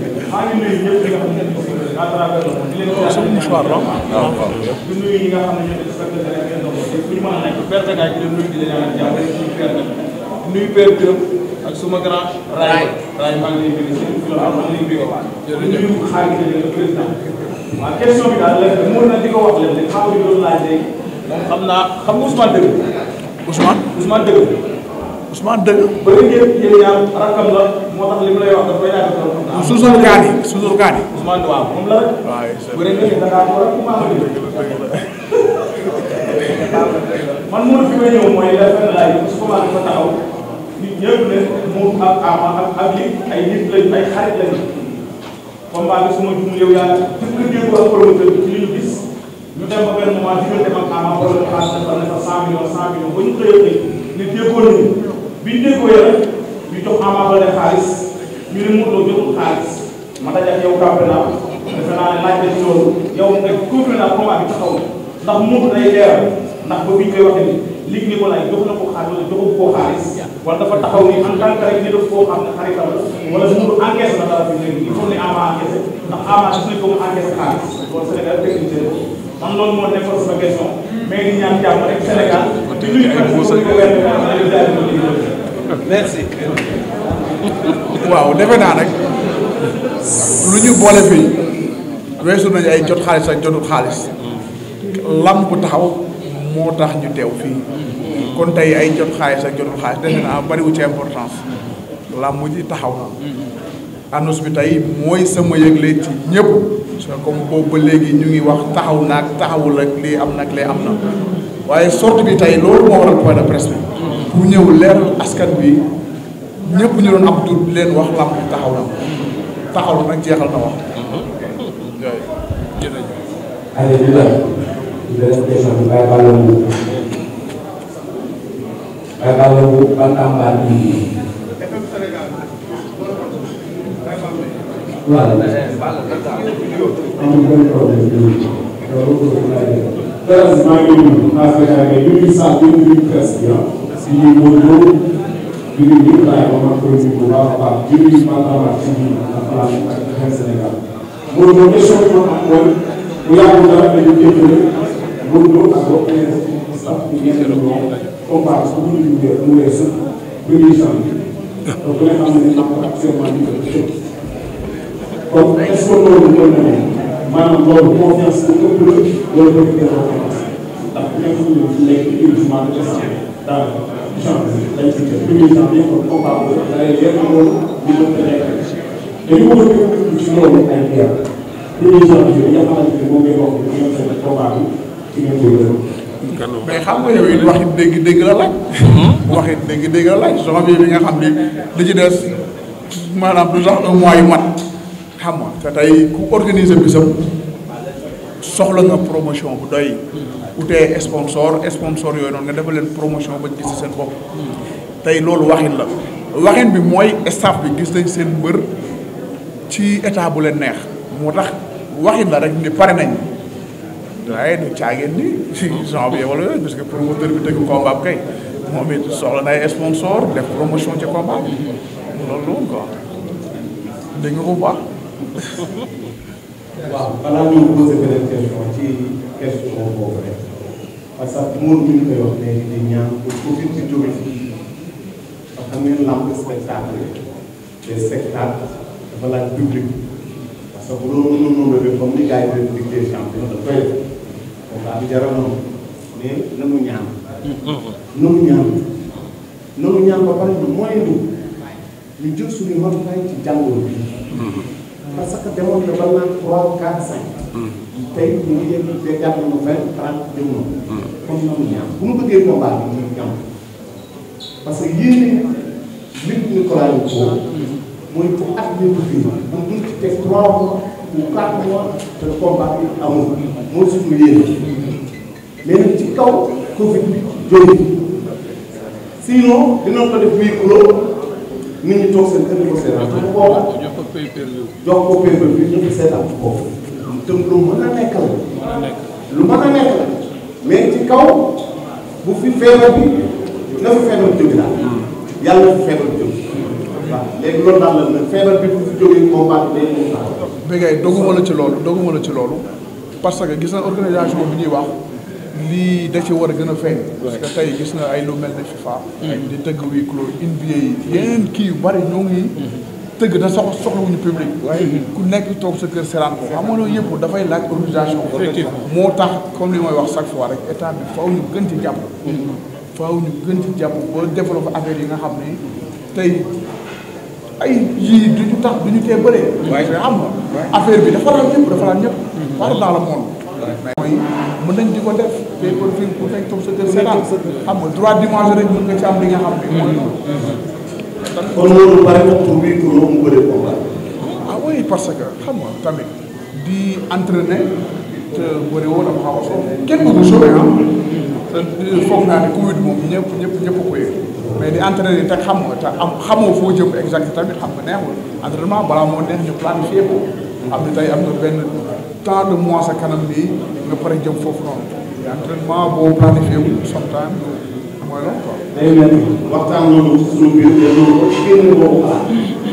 nuyu ñëpp di nga xam ne à travers le ak a nekk perte gaay suma grand Raay Raay maa am question bi daal la mën na di ko wax leen xam nga loolu laaj léegi la moo tax li mu lay wax daf koy yaakaar suusul kaan yi suusul kaan Ousmane waaw moom la rek. bu dee léegi da ngaa ko rek man moom fi may ñëw mooy lépp laay souvent dafa taxaw nit ñëpp ne moom ak Ama ak ak li ay nit lañ ay xarit lañu. combat bi su ma jumul yow yaa jëfandikoo ak promoteur bi ci li ñu gis ñu dem ba benn moment di nga dem ak Ama wala mu xaar dafa nekk cent millions cent millions ba ñu xëyee ne déggoo nañu bi ñu déggoo yàlla ñu jox Ama Baldé xaalis ñu ne Modou Lô joxul xaalis. ma dajeeg yow campé naa defe naa ne laaj nañ loolu yow nga góob naa comment bi taxaw ndax muur day leer ndax ba biñ koy waxee ni lig ni ko laaj jox na ko xaalis wala joxu koo xaalis wala dafa taxaw ni en tant que rek ni def koo xam ne xaritam la wala muur encaissé na dara bi léegi il faut ne ama encaissé ndax ama gis nañ ko mu encaissé xaalis loolu Sénégal technicien man loolu moo nekkoon sama question mais di ñaan jàmm rek Sénégal di nuyu kan ko weer merci waaw defe naa rek lu ñu boole fii weesu nañu ay jot xaalis ak jotut xaalis lam bu taxaw moo tax ñu teew fii kon tey ay jot xaalis ak jotut xaalis defe naa bariwu ci importance làmb ji taxaw na annonce bi tey mooy sama yëgle ci ñëpp parce que comme boobu ba léegi ñu ngi wax taxaw naag taxawul ak lii am nag lee am na waaye sorte bi tey loolu moo waral point de presse bi ñëw leer askan bi ñëpp ñu doon ab tur leen wax làmb taxaw na taxawlu nag jeexal na wax. jërëjëf. Baye Balla Mbour Bantamba TV. waaw. amul benn problème bi ñu. loolu maa ngi nuyu. maa ngi fekk ak yéen ñu ngi sax ñu ngi presse bi ah. si jullit ñëpp laay ba man koy bu baax a baax jullit yi man damaa ci biir la planète ak xel Sénégal. mooy ñoom question bi ma am mooy bu yàggul dara dañu jëndale mënuloo ak bopp yeneen sax ñu nekk lu bon comparé bu ñu liggéey mu weesu bu ñuy sant donc nga xam ne am na actuellement ñu koy jot. kon est ce que loolu mën na ne maanaam loolu confiance bu ëpp la loolu bëgg ñu nekk uniquement de a yëngu ci loolu ay leer nga mais xam nga yow it waxit dégg-dégg la laaj hmm? waxit dégg-dégg la laaj soo xam bi nga xam ne li ci des maanaam du sax un mois yu mat xam nga te tey ku organiser bisam soxla nga promotion bu doy utee sponsor sponsor yooyu noonu nga defal leen promotion bañ gis seen bopp tey loolu waxin la waxin bi mooy staff bi gis nañ seen mbër ci état bu leen neex moo tax waxin la rek ni pare nañ waaye du caageen ni si janvier wala yooyu parce que promoteur bi tëgg combat kay moom it soxla na ay sponsor def promotion ci combat bi loolu loolu quoi dégg nga ko parce que moom mi ngi koy wax léegi di ñaan pour pour fi ci jóge fi ndax xam ngeen làmb spectacle des spectacles dafa laaj public parce que bu loolu noonu la def comme ni gars yi doon diggee champion dafa koy def moom daal di jaral noonu mais na mu ñaan. mu mm-hmm. ñaan na mu ñaan ba pare ñu moytu ñu jël suñu matuwaay ci jàngoro bi. Mm-hmm. parce que na ba naan 3 tey ñu ngi dem ba jàppale ma vingt trente jëm noonu. Hmm. bu ma bëggee combat bi ñu ngi am parce que yéen nit ñi ko laajee ko hmm. mooy bu at bi bëgg ñu am ñu ci teg trois mois ou quatre mois te combat bi amul moo suñu yéene mais nag ci kaw Covid bi jógee sinon dinañ ko def huis clos nit ñi toog seen kër yi ko seetaan jox ko pay per view jox ko pay per view ñëpp seetaan ko. te lu mën a nekk la lu mën a nekk la mais ci kaw bu fi feebar bi na fi feebar jóge daal yàlla na fi feebar jóge waaw léegi loolu daal la feebar bi bu fi jógee combat bi day ñëw taxaw bégay doguma la ci loolu doguma la ci loolu parce que gis na organisation bi ñuy wax lii da ci war a gën a feeñ parce que tey gis na ay lu mel ne FIFA di tëgg wii clos NBA yi yeneen kii yu bari ñoo ngi tëgg da sox soxlawuñu public. ku nekk toog sa kër seetaan ko xam nga loolu yëpp dafay laaj organisation. moo tax comme li may wax chaque fois rek état bi faaw ñu gën ci jàpp. Mm-hmm. faaw ñu gën ci jàpp ba développé affaire yi nga xam ne tey ay yii duñu tax duñu tee bëree. waaye xam nga affaire bi dafa laal ñëpp dafa laal ñëpp. Mm-hmm. par dans mën nañ di ko def te pour fi ku nekk toog sa kër seetaan xam nga droit d'image rek mën nga ci am li nga xam ne mooy mm-hmm. loolu. kon loolu bari waxtu bi pour mu bëri combat. ah parce que xam a soof kenn du ko soobee ah. ñëpp ñëpp ñëpp a koy mais xam nga te am nga neexul entraînement balaa moo neex ñu planifié ko. am na am na benn temps de mois sa kanam bi nga pare jëm foofu noonu. entraînement boo planifié wu sometime mooy lan quoi. day mel ni waxtaan loolu ci suñu biir te loolu ko génn boobu xalaat.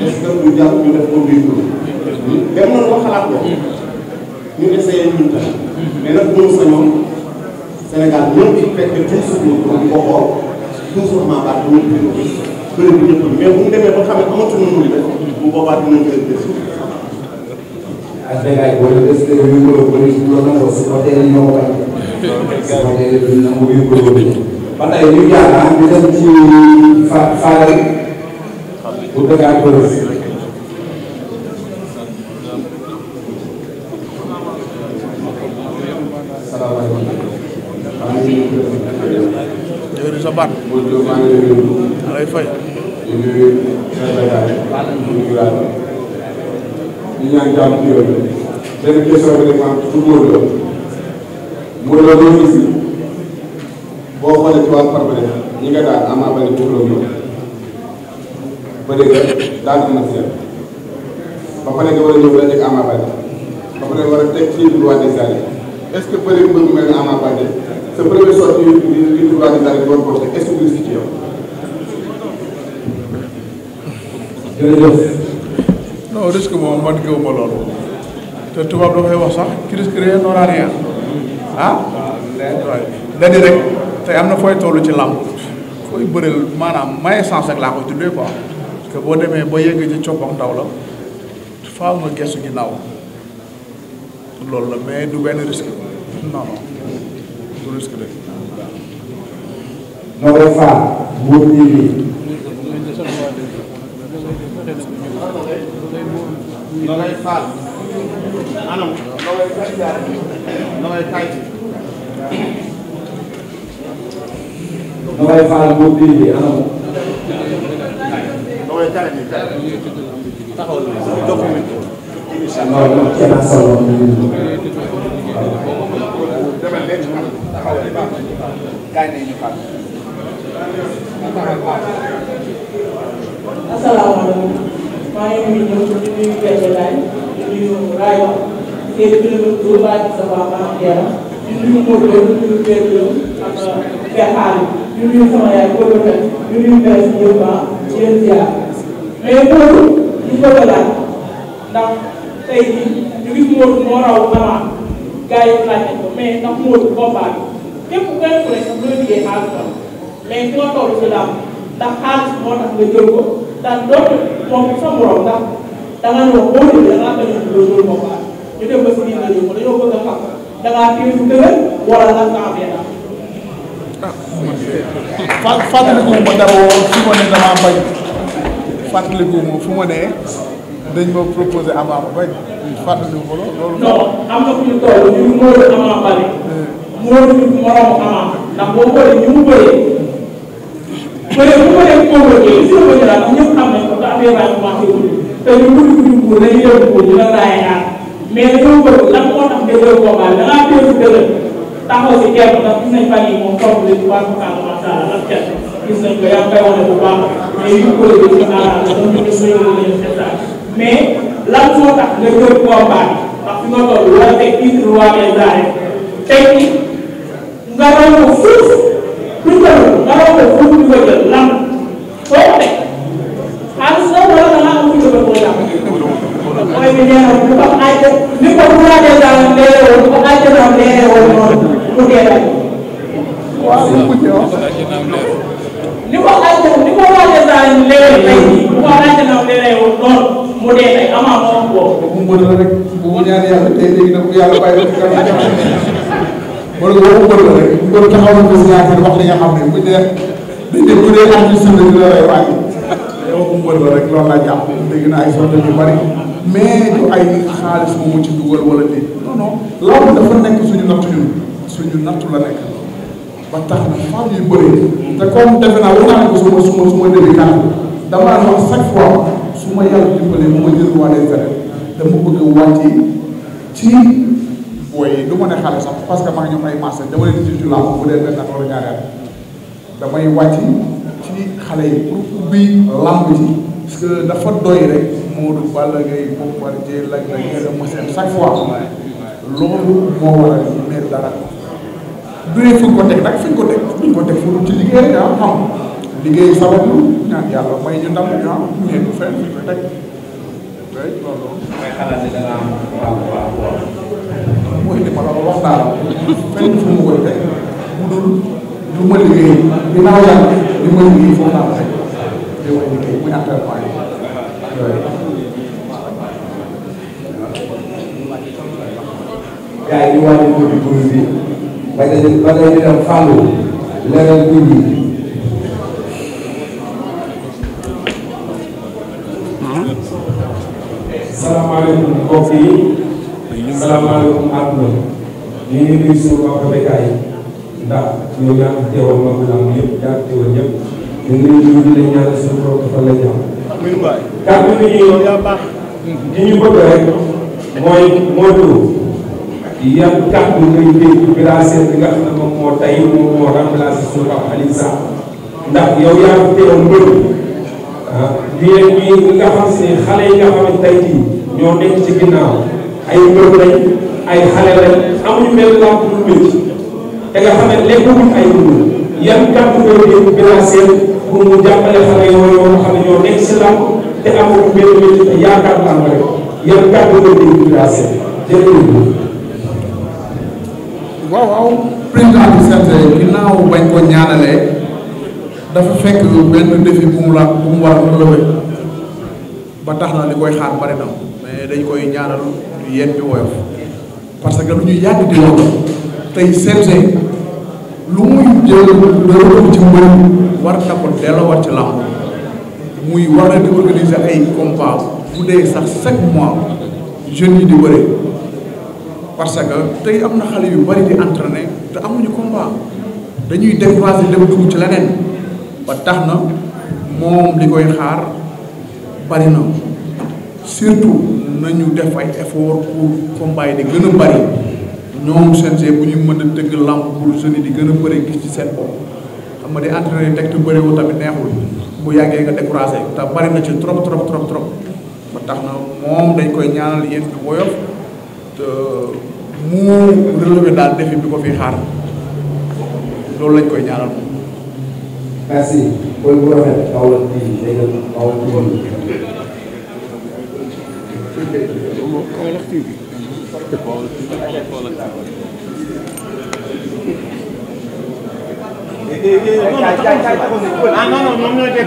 est-ce que du jàpp ñu def ko biir loolu. dem nañu ba xalaat ko. ñu essayé ñun tam. mais nag bu ñu sañoon Sénégal ñoom ci fekk toujours ñu ko xool toujours maa baat ñu ngi ko gis. bëri bu ñëpp mais bu ñu demee ba xam ne amatuñu lu ñu def bu boobaa dinañ gën a gëstu. ak dégâts yi booy est-ce que ñu ngi ko bëri ñu ngi ko nangoo supporter ñoo ko bañ. supporter duñ nangu ñu ko bëri. ba tey ñu jaaraan ñu dem ci fa faare bu dëggaat bërëb sabar alay fay ñu ñaan jàmm ci yoon benn question bi rek maam ci góor la góor la waxoon na ci wàllu partenaire ñi nga Ama Baldé buuxloo ñëw ba dégg nga daanaka ma seet ba pare nga war a ñëw ba nekk Ama Baldé ba pare war a teg ci roi des arènes est-ce que bëri mbër mu mel ne Ama Baldé sa première sortie yu yu roi des arènes war ko est-ce que du si ci yow. jërëjëf. non risque moom man gëw ma loolu te tubaab dafay wax sax qui risque rien n'aura rien ah. ah rek. tey am na fooy toll ci làmb fooy bëreel maanaam may essence ak laa koy tuddee quoi parce que boo demee ba yegg ci coppam ndaw la faaw nga gestu ginnaaw loolu la mais du benn risque non non du risque de. damay faral boobu biir bi anam. waaw man kenn a solo asalaamaaleykum maa ngi nuyu ñëpp di nuyu Penda Ndiaye di nuyu Rajo tey di nuyu Dóor Ba Diouf di nuyu Modou Lo di nuyu Penda Diop ak Penda Aliou ñu nuyu sama yaay góor ba ñu nuyu mbéy si ñëw ba ci yéen ziar mais loolu ñu ko laaj ndax tey jii ñu gis Modou moo raw Ama gars yi laaj ko mais ndax Modou combat bi képp kenn ku nekk bu la liggéey xaalis la mais fi nga toll ci laam ndax xaalis moo tax nga jël ko ndax dootu moom sa morom ndax da ngaa ñëw boo ñëwee da ngaa bañ a dugal loolu combat ñu dem ba si biir rajo dañoo bëgg a xam da ngaa téye su dëgër wala lan nga am ah fàttaliku ma dara woon fu ma ne damaa bañ fàttaliku ma fu ma ne dañ ma proposé Ama bañ fàttaliku ma loolu. non am na fu ñu toll ñu mënul Ama Baldé. Eh. mënul moromu Ama ndax boo bëree ñu mu bëree bëree bu bëree mu convoqué si la bëri daal ñëpp xam nañ ko te affaire baa ngi commencé wut te ñu bëgg ñu nguur dañuy yëngu ko ñu la raaya mais dañoo bëgg lan moo tax nga jël combat da ngaa teel si dëgg. taxaw si kenn ndax gis nañ fan yii moom toog nañ bu baax a baax macha allah ndax kenn gis nañ ko yaa ngi koy wane bu baax mais yu ko def macha allah dafa ñu gis nañu la ñu def mais lan moo tax nga jël combat bi ndax fi nga toll war a teg titre roi des arènes teg ci nga raw ko fuuf lu jël nga raw ko fuuf lu ko jël lan foo ko teg xaalis la wala nga laal ko jël ko jàpp mooy bi nee na bu ko aajee ni ko roi des arènes leeree woon bu ko aajee woon leeree woon noonu puteeral waaw ni ko ayca ni ko wàllu saa yi léegi tey jii bu ko laajte ndaw léeg-léeg woon noonu mu dee tey amaa ma woon boobu. bu mu mën la rek bu mu ñaan yàlla tey léegi nag yàlla bàyyi la ko kanam wala boobu mën la rek bu ko taxawal ko si ñaata wax li nga xam ne bu dee dañ ne bu dee am ci suñu la dina lay wàññi. yow bu mu mën la rek loolu laa jàpp dégg naa ay sotti yu bari mais du ay xaalis moomu ci dugal wala déet non non loolu dafa nekk suñu natt ñun. suñu nattu la nekk ba tax na femmes yu bëri te comme defe naa wax naa ko su ma su ma su ma demee kàddu damaa wax chaque fois su ma yàlla dimbalee jël waa des arènes dama bëgg a wàcc ci booy yi du ma ne xale sax parce que maa ngi ñoom ay marché dama fois dara. du ne fu ñu ko teg nag fu ñu ko teg fu ñu ko teg fu ñu ci liggéey ah xam liggéey sabablu ñaan yàlla may ñu ndam ah mais du fenn fu ñu ko teg day loolu. mooy xalaat ne dana am waaw waaw waaw. mooy li ma la wax daal fenn fu mu koy teg mu dul lu ma liggéey ginnaaw yàlla li ma liggéey foofu laa teg li ma liggéey muy entraînement yi gars yi ñu wàññi ko di ba dañuy ba dañuy dem fàllu leeral mbir mi. salaamaaleykum mbokk yi. salaamaaleykum àdduna. ñu ngi nuyu suñu mbokku béykat yi ndax ñu ñaan teewal mbokk naam ñëpp ñaan teewal ñëpp ñu ngi nuyu di leen ñaan suñu bopp dafa la ñu am. kàddu gi ñu ñu bëgg rek mooy moo yan kàddu ngay dégg brasser bi nga xam ne moom moo tey moom moo remplacer suñu Pape Alioune Sarr ndax yow yaa ngi teewoon mbër bien ah ñi nga xam si ne xale yi nga xam ne tey jii ñoo nekk ci ginnaaw ay mbër lañ ay xale lañ amuñu mel làmp lu métti te nga xam ne lekkuñu ay mbër yan kàddu ngay dégg brasser pour mu jàppale xale yooyu yoo xam ne ñoo nekk si làmp te amuñu mel métti te yaakaar naa rek yan kàddu ngay dégg brasser jërëjëf waaw waaw président bi CNG ginnaaw bañ ko ñaanalee dafa fekk benn défi bu mu la bu mu war a relever ba tax na li koy xaar bari na mais dañ koy ñaanal yéen woyof parce que lu ñuy yàgg di wax tey CNG lu muy jël dërëm ci mbër war na ko delloowaat ci làmb muy war na di organiser ay combat bu dee sax chaque mois jeunes yi di bëre. parce que tey am na xale yu bari di entraîné te amuñu combat dañuy découragé dem dugg ci leneen ba tax na moom li koy xaar bari na surtout nañu def ay effort pour combat yi di gën a bari ñoom CNG bu ñu mën a tëgg làmb pour jeunes yi di gën a bëri gis ci seen bopp xam nga di entraîné teg te bëriwul tamit neexul bu yàggee nga découragé te bari na ci trop trop trop trop ba tax na moom dañ koy ñaanal yéen di woyof mu relevé daal défi bi ko fi xaar loolu lañ koy ñaanal. merci. ah non non ñoom ñooy def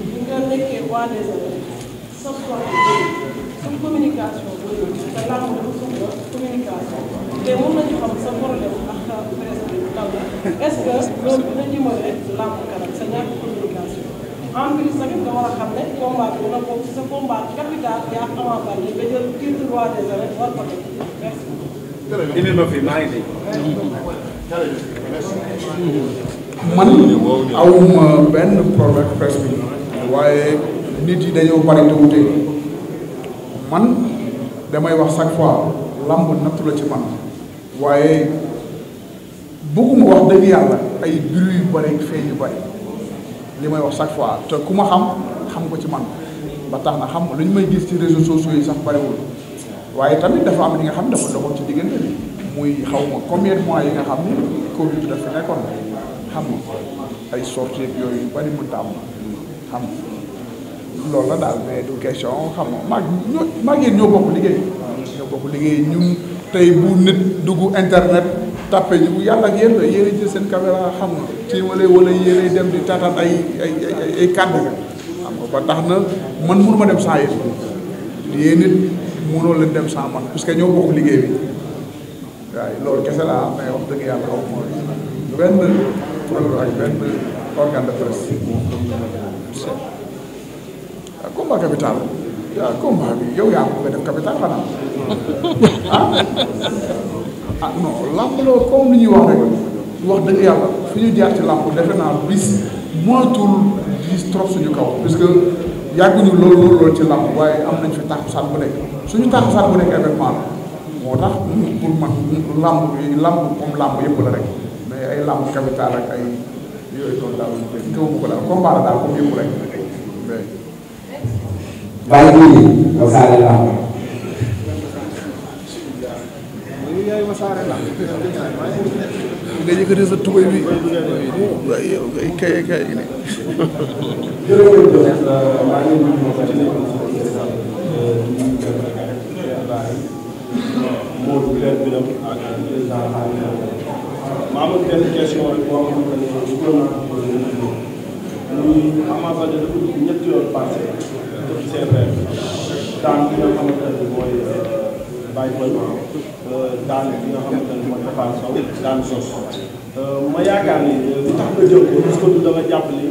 bi nga nekkee waa des sa soxla sa communication bëriwul te làmb dafa soxla communication te mën nañu xam sa problème ak presse bi lan la est-ce que loolu dina dimbale làmb kanam sa ñàkk communication en plus nag nga war a xam ne combat bi dina bokk sa combat capital yaa Ama Baldé nga jël titre roi des arènes war ko def merci. indi ma fi maa ngi man awuma benn problème presse bi. waaye nit yi dañoo bari te wute man damay wax chaque fois lamb nattu la ci man waaye bëgguma wax dëgg yàlla ay bruit yu bari feeñ yu bari li may wax chaque fois te ku ma xam xam ko ci man ba tax na xam lu ñu may gis ci réseaux sociaux yi sax bariwul waaye tamit dafa am li nga xam dafa doxoon ci diggante bi muy xaw ma combien yi nga xam ni Covid dafa nekkoon xam nga ay sorties yooyu yu bari mënta am xam loolu la daal mais du question xam nga maag ñoo maag yéen ñoo bokk liggéey ñun tey bu nit dugg internet tàppe ñu yàlla ak yéen la a jël seen caméra xam nga ci wala wala yéen dem di taataan ay ay ay ay kàddu xam nga ba tax na man mënu ma dem sans yéen yéen nit mënoo leen dem sans man parce que ñoo bokk liggéey bi waaye loolu kese laa mais wax dëgg yàlla aw ma benn problème ak benn organe de seen ah combat capital ah combat bi yow yaa ko nga def capital xanaa ah? ah non làmb la comme li ñuy wax rek wax dëgg yàlla fi ñuy jaar ci làmb defe naa bis moytul gis trop suñu kaw puisque yàgguñu loolu loolu loolu ci làmb waaye am nañ fi tàkkusaan bu nekk suñu tàkkusaan bu nekk événement la moo tax pour man làmb bi làmb comme làmb yëpp la rek mais ay làmb capital ak ay yooyu noonu daal moom tamit kaw ko daal combat la daal comme yëpp rek. bàyyi bii wasaare la am. nga yëkkati sa tubay bi waaye yow kay kay kay ne. ma amoon benn question rek boo xamante ne bëggoon naa ko posé nañ ko muy Ama Baldé dafa dugg ñetti yoon passé def CREF daan bi nga xamante ne mooy euh, bàyyi boy euh, daan bi nga xamante ne mooy Papa Sow daan sos euh, ma yaakaar ni li tax nga jël ko parce que da nga jàpp ni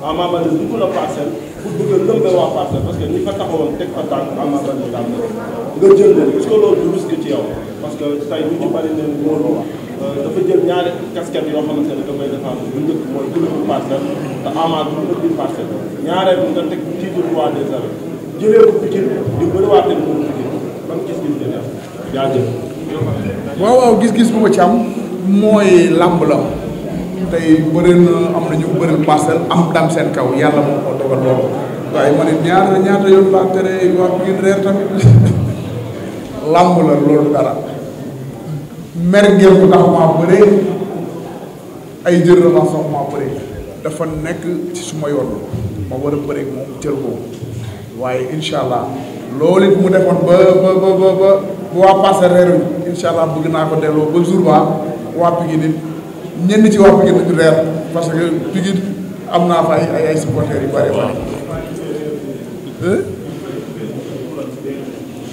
Ama Baldé dugg la parcelle pour bëgg a lëmbe waa parcelle parce que ñi fa taxawoon teg fa tànk Ama Baldé daan nga jël leen est-ce que loolu du risque ci yow parce que tey ñu ci bari leen loolu wax Euh, dafa jël ñaari casquette yoo xamante ne da koy défendre bu njëkk mooy gënabu parcelle te amaat bu nga biir parcelle ñaareel bi nga teg titre roi des arènes jëlee ko Pikine di bëriwaat teg moom Pikine ban gis-gis dina am jaajëf waaw waaw gis-gis bu ma ci am mooy làmb la tey bëri na am na ñu bëri parcelle am dam seen kaw yàlla moo ko dogal loolu waaye ma ne ñaata ñaata yoon laa tere waa Pikine reer tamit làmb la loolu dara mer ngeen ndax maa bëree ay jël revanche ndax maa bëree dafa nekk ci suma yoon ma war a bëree moom jël ko waaye incha allah loolu mu defoon ba ba ba ba ba waa passé reer bi incha bëgg naa ko delloo ba jour ba waa Pikine nit ñenn ci waa Pikine nañu reer parce que Pikine am naa fa ay ay supporters yu bëri bëri.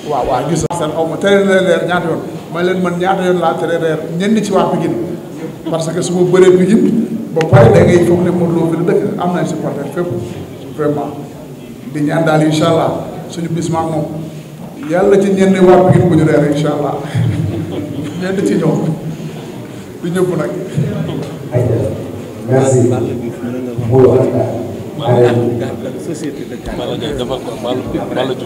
waaw waaw gis naa seen xaw ma tere na leer ñaata yoon. ma leen man ñaata yoon laa tere reer ñenn ci waa Pikine parce que su ma bëree Pikine ba pare da ngay foog ne Modou Lo fi la dëkk am na supporter fépp vraiment di ñaan daal incha allah suñu bis moom yàlla ci ñenn waa Pikine bu ñu reer incha allah ñenn ci ñëw du ñëpp nag. merci. waaye salaamaaleykum gars yi maa ngi leen di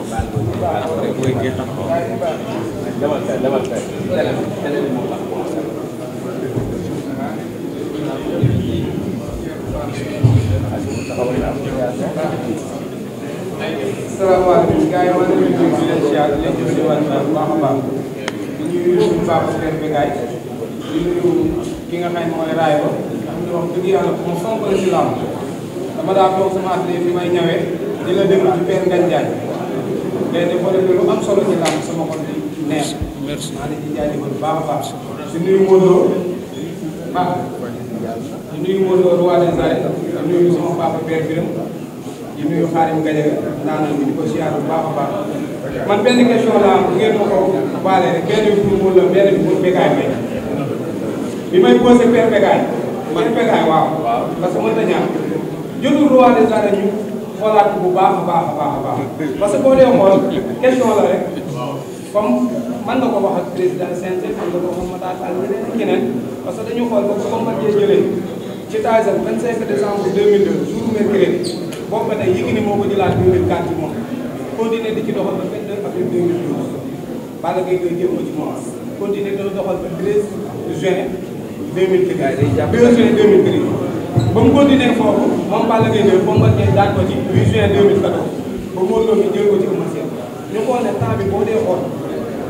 nuyu di leen ziar di leen jëfandikoo bu baax a baax di nuyu suñu baaxu frère Bécaye di nuyu ki nga xam ne mooy raay ba ndax ñu wax dëgg yàlla moom fonk la ci làmb dama daa toog sama atelier fi may ñawee di la déglu ci Père Ngagne Ndiaye léegi boo defee lu am solo ci làmb sama xol bi neex maa ngi ci jaajëfal bu baax a baax di nuyu Modou baax di nuyu Modou roi des arènes di nuyu sama papa Père Birame di nuyu Xaarim Gadiaga naanal bi di ko siyaar bu baax a baax man benn question la am ngeen ma ko baale rek benn bi pour Modou la benn bi pour Bécaye Mbaye bi may posé Père Bécaye man Bécaye waaw parce que mën na ñaan jëlu roi des arènes ñu xoolaat bu baax a baax a baax a baax parce que boo dee xool question la rek comme mën nga ko wax ak président CNG mën nga ko wax Matar Tall ñeneen ak ñeneen parce que dañu xool ba bu Bombardier jëlee ci Tyson 25 décembre 2002 jour mercredi boobu ba tey Yékini moo ko jëlaat 2004 ci moom continuer di ci doxal ba 22 avril 2012 Balla Gaye ngay jéem a ci moom continuer di doxal ba 13 juin 2003 2 juin 2003 ba mu continué foofu moom Balla Gaye de Bombardier daan ko ci 8 juin 2014 ba Modou Lô mi jël ko ci Eumeu Sène ñu xool ne temps bi boo dee xool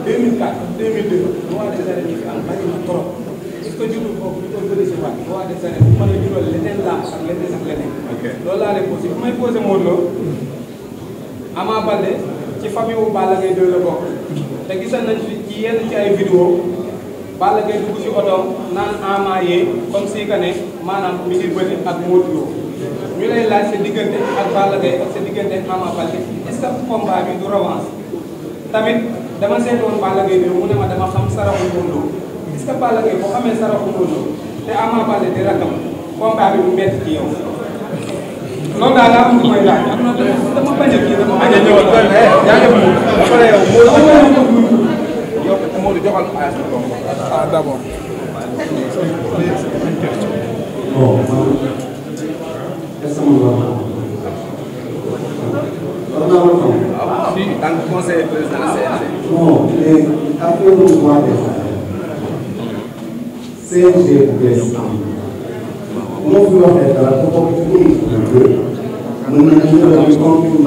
2004 2002 roi des arènes yi fi am bari na trop est-ce que jotul foofu ñu koy bëri si waat roi des arènes bu mën a jural leneen laa ak leneen ak leneen. ok loolu laa lay posé bu may posé Modou Lô Ama Baldé ci famille wu Balla Gaye de la bokk te gisoon nañ ci yenn ci ay vidéo Balla Gaye dugg si oto naan enmaillé comme si que ne maanaam mi ngi bëri ak Modou Lo ñu lay laaj sa diggante ak Balla Gaye ak sa diggante ak Ama Baldé est-ce que combat bi du revanche tamit dama seetoon Balla Gaye mu ne ma dama xam saraxu Modou Lo est-ce que Balla Gaye boo xamee saraxu Modou Lo te Ama Baldé di rakam combat bi mu métti ci yow loolu daal laa am lu may laaj dama bañ a kii dama bañ a ñëwal yaa ngi yow Modou joxal xaalis ah d' abord. bon. si dans le conseil président de la CNG. non mais après le mois de CNG bees. moo fi waxee dara ba bokk ci biir kër. mën nañu ñu doon comme ni mu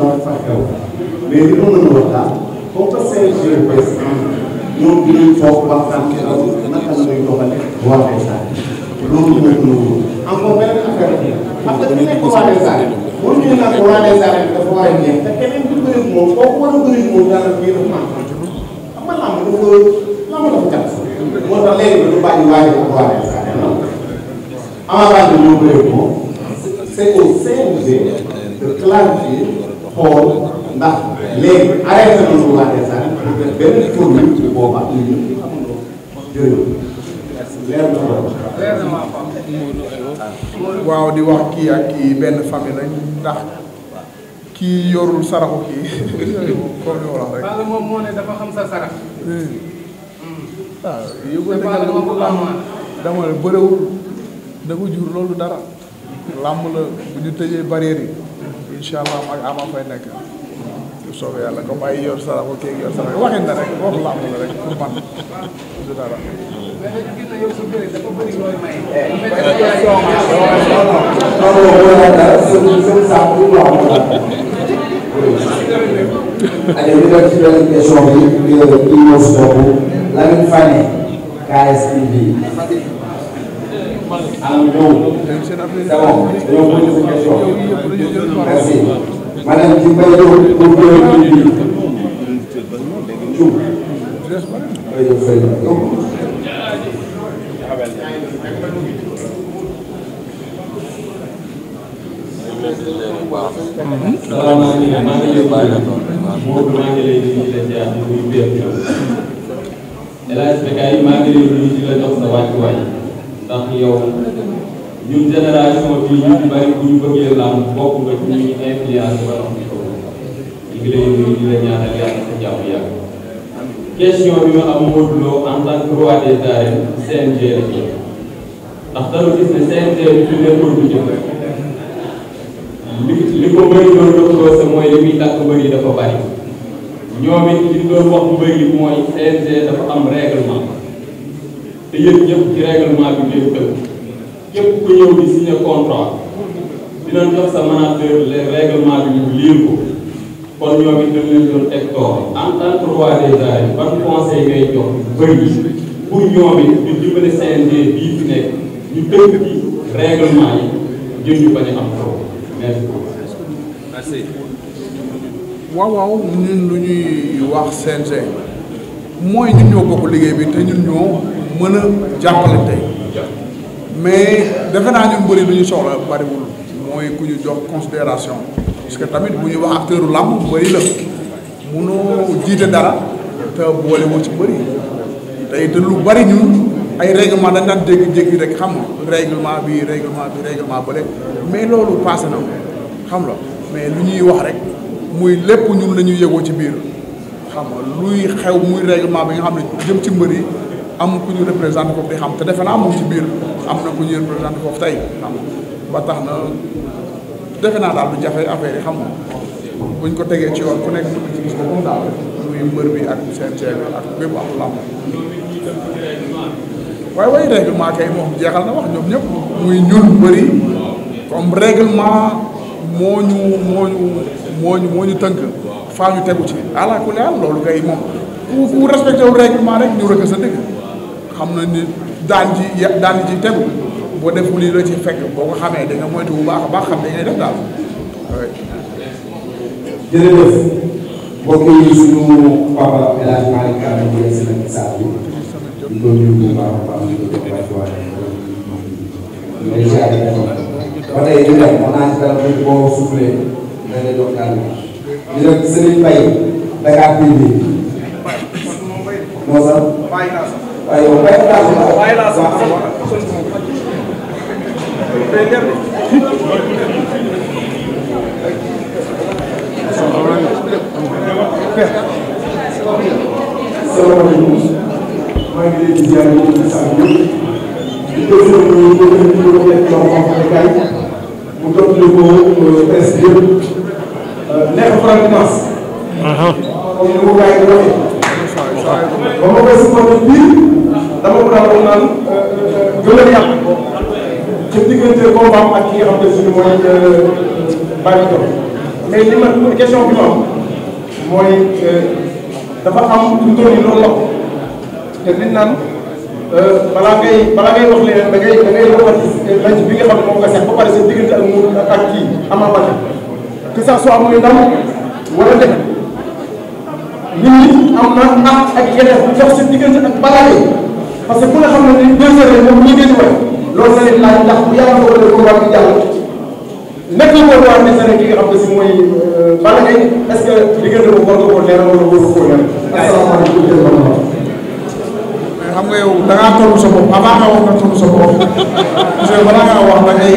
mais li ma mën a wax daal comme que CNG bees ñoom dinañ toog waxtaan ci rajo naka la ñuy doxale waa Wassare loolu mooy loolu. encore benn affaire bi parce que su nekk waa Wassare boo ñëwee nag waa Wassare bi dafa war a jeex te keneen du bëri moom boo ko war a bëri moom dara biir man xam nga lamb dafa lamb dafa cat moo tax léegi du bàyyi waaye ko waa Wassare non avantage bi ñoo bëri moom c'est au CNG de clarifier xool ndax léegi arrêté nañu waa Wassare benn waaw di wax kii ak kii benn famille lañ ndax kii yorul saraxu kii comme hmm. ah, dama ne bëriwul jur loolu dara. làmb la bu ñu tëjee barrière yi. incha allah ak ama fay nekk. bu soobee yàlla comme ay yor saraxu kii yor saraxu waxin la rek wax la amul rek pour man du dara. allé ñu def ci benn question bi di ñëw si bopp Lamine Fane KSTV am ñëw. d' accord dañoo posé question merci. maanaam ci mbay yow pour ñu doon ji bii suuf mbay yow fay na donc balaa maa ngi leen maa ngi leen bàyyi la moom maa ngi lay nuyu di la jaar muy biir El Hadj Becaye maa ngi lay nuyu di la jox sa wàccuwaay ndax yow ñun génération bi ñu bari bu ñu bëggee làmb bokk nga ci ñuy influence ba ndox mi ko ñu ngi lay nuyu di la ñaanal yàlla sa jàmm yàgg question bi ma am Modou Lo en tant que roi des arènes CNG la ndax dama gis ne CNG bi su dee produit jëm rek li li ko bëri doon doon mooy li muy tàkk bëri dafa bari ñoom it li doon wax bu bëri mooy CNG dafa am règlement te yéen ñëpp ci règlement bi ngeen tënk. képp ku ñëw di signé contrat dinañ jox sa manager les ñu lire ko kon ñoom it dañ doon teg tool en tant que roi des arènes ban conseil ngay jox bëri pour ñoom it ñu dimbali CNG bii fi nekk ñu tënk ci règlement yi jëm ñu bañ a waaw waaw ñun lu ñuy wax CNG mooy ñun ñoo bokk liggéey bi te ñun ñoo mën a jàppale tey. mais defe naa ñu yi lu ñu soxla bariwul mooy ku ñu jox considération parce que tamit bu ñuy wax acteuru làmb mbëri la munoo jiite dara te boole woo ci mbëri tey te lu bari ñun ay règlement dañ daan jékki-jékki rek xam nga règlement bi règlement bi règlement bële mais loolu passé na xam la mais lu ñuy wax rek muy lépp ñun la ñuy yëgoo ci biir xam nga luy xew muy règlement bi nga xam ne jëm ci mbër yi am ku ñu représenté ko di xam te defe naa moom ci biir am na ku ñu représenté foofu tey ba tax na defe naa daal bu jafe affaire yi xam nga buñ ko tegee ci yoon ku nekk dugg ci gis boppam daal muy mbër bi ak CNG bi ak bépp am lamb waaye waaye règlement kay moom jeexal na wax ñoom ñëpp muy ñun bëri comme règlement moo ñu moo ñu moo ñu moo ñu tënk faa ñu tegu ci ala kulli loolu kay moom ku ku respecté wu règlement rek ñu rëkk sa dëgg xam na ni daan ji ya daan ji tegu boo deful lii la ci fekk boo ko xamee da nga moytu bu baax a baax xam dañuy def daal. jërëjëf mbokk yi suñu papa El Hadj Malick Kane di leen sëñ bi saa bi di ko nuyu bu a ak ba tey ñu sax. waaye yow waaye laa ko waaye laa ko salaamaaleykum maa ngi leen di ziar bu ñu saa yëpp di gëstu ñu ñu ñu ñu nekk loo xam ne kay mu topp li ko presse yëpp nekk France. comme ni ko gars yi waxee. ba ma ko si dama ko daan wax naan euh, gën a yàq ci diggante combat ak ki nga xam ne suñu mooy euh, bàyyi toog mais li ma question bi ma am mooy euh, dafa am lu toll nii loolu la te liñ naan balaa ngay balaa ngay wax leneen da ngay da ngay waxat laaj bi nga xam ne moom nga seq ba pare sa diggante ak moom ak kii Ama Baldé que ça soit muy ndam wala def nit ñi am na naat ak yeneen jox sa diggante ak balaa parce que ku ne xam na ni deux heures moom ñu ngi koy loolu la laaj ndax bu yàlla ko wane ko war di jàll nekk na ko war nekk na ki nga xam ne si mooy euh, Balla Gaye est ce que diggante boobu war nga koo leeral wala war nga koo leeral. asalaamaaleykum xam nga yow da ngaa toll sa bopp avant nga wax nga toll sa bopp parce que balaa ngaa wax da ngay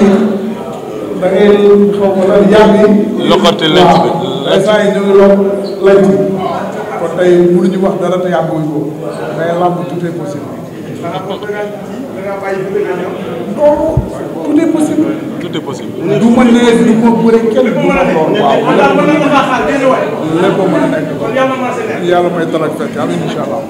da ngay xaw ma lan yàgg. loxoti lent bi waaw instant yii ñu ngi loo lent kon tey mënuñu wax dara te yàgguñu ko mais làmb tout est possible. tout est possible. tout est possible. du ma nee du ma bëri kenn du ma lool. waaw lépp mën a nekk. yàlla may dara fekk amiin incha allah.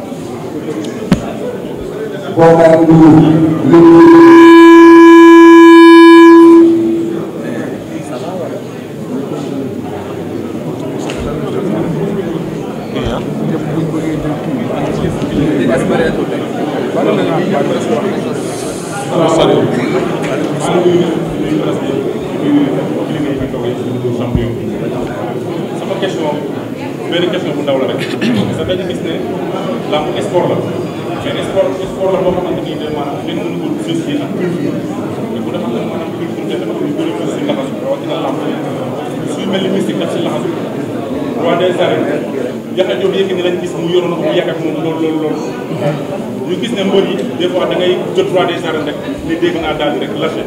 ne dégg naa daal di rek lâché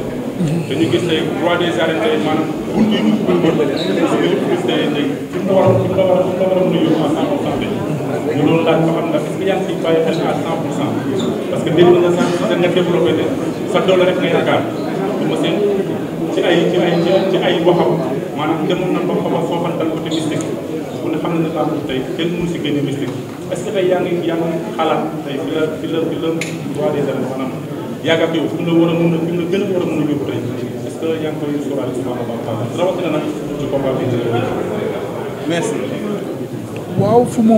dañu gis ne roi des arènes tey maanaam buñ ñu ñu ko gis ne fi mu war a fi mu la war a fi mu la war a nuyu à cent pour cent bi mu doon laaj ba xam ndax est-ce que yaa ngi ciy bàyyi xel à cent pour cent parce que dégg nga sànq da nga développé ne sa doole rek nga yaakaar du ma seen ci ay ci ay ci ay waxam maanaam demoon na ba xaw a sooxantal côté mystique bu ne xam ne ne làmb tey kenn mënu si génne mystique est-ce que tey yaa ngi yaa ngi xalaat tey fi la fi la fi la roi des arènes maanaam yaakaar yow fi mu fu mu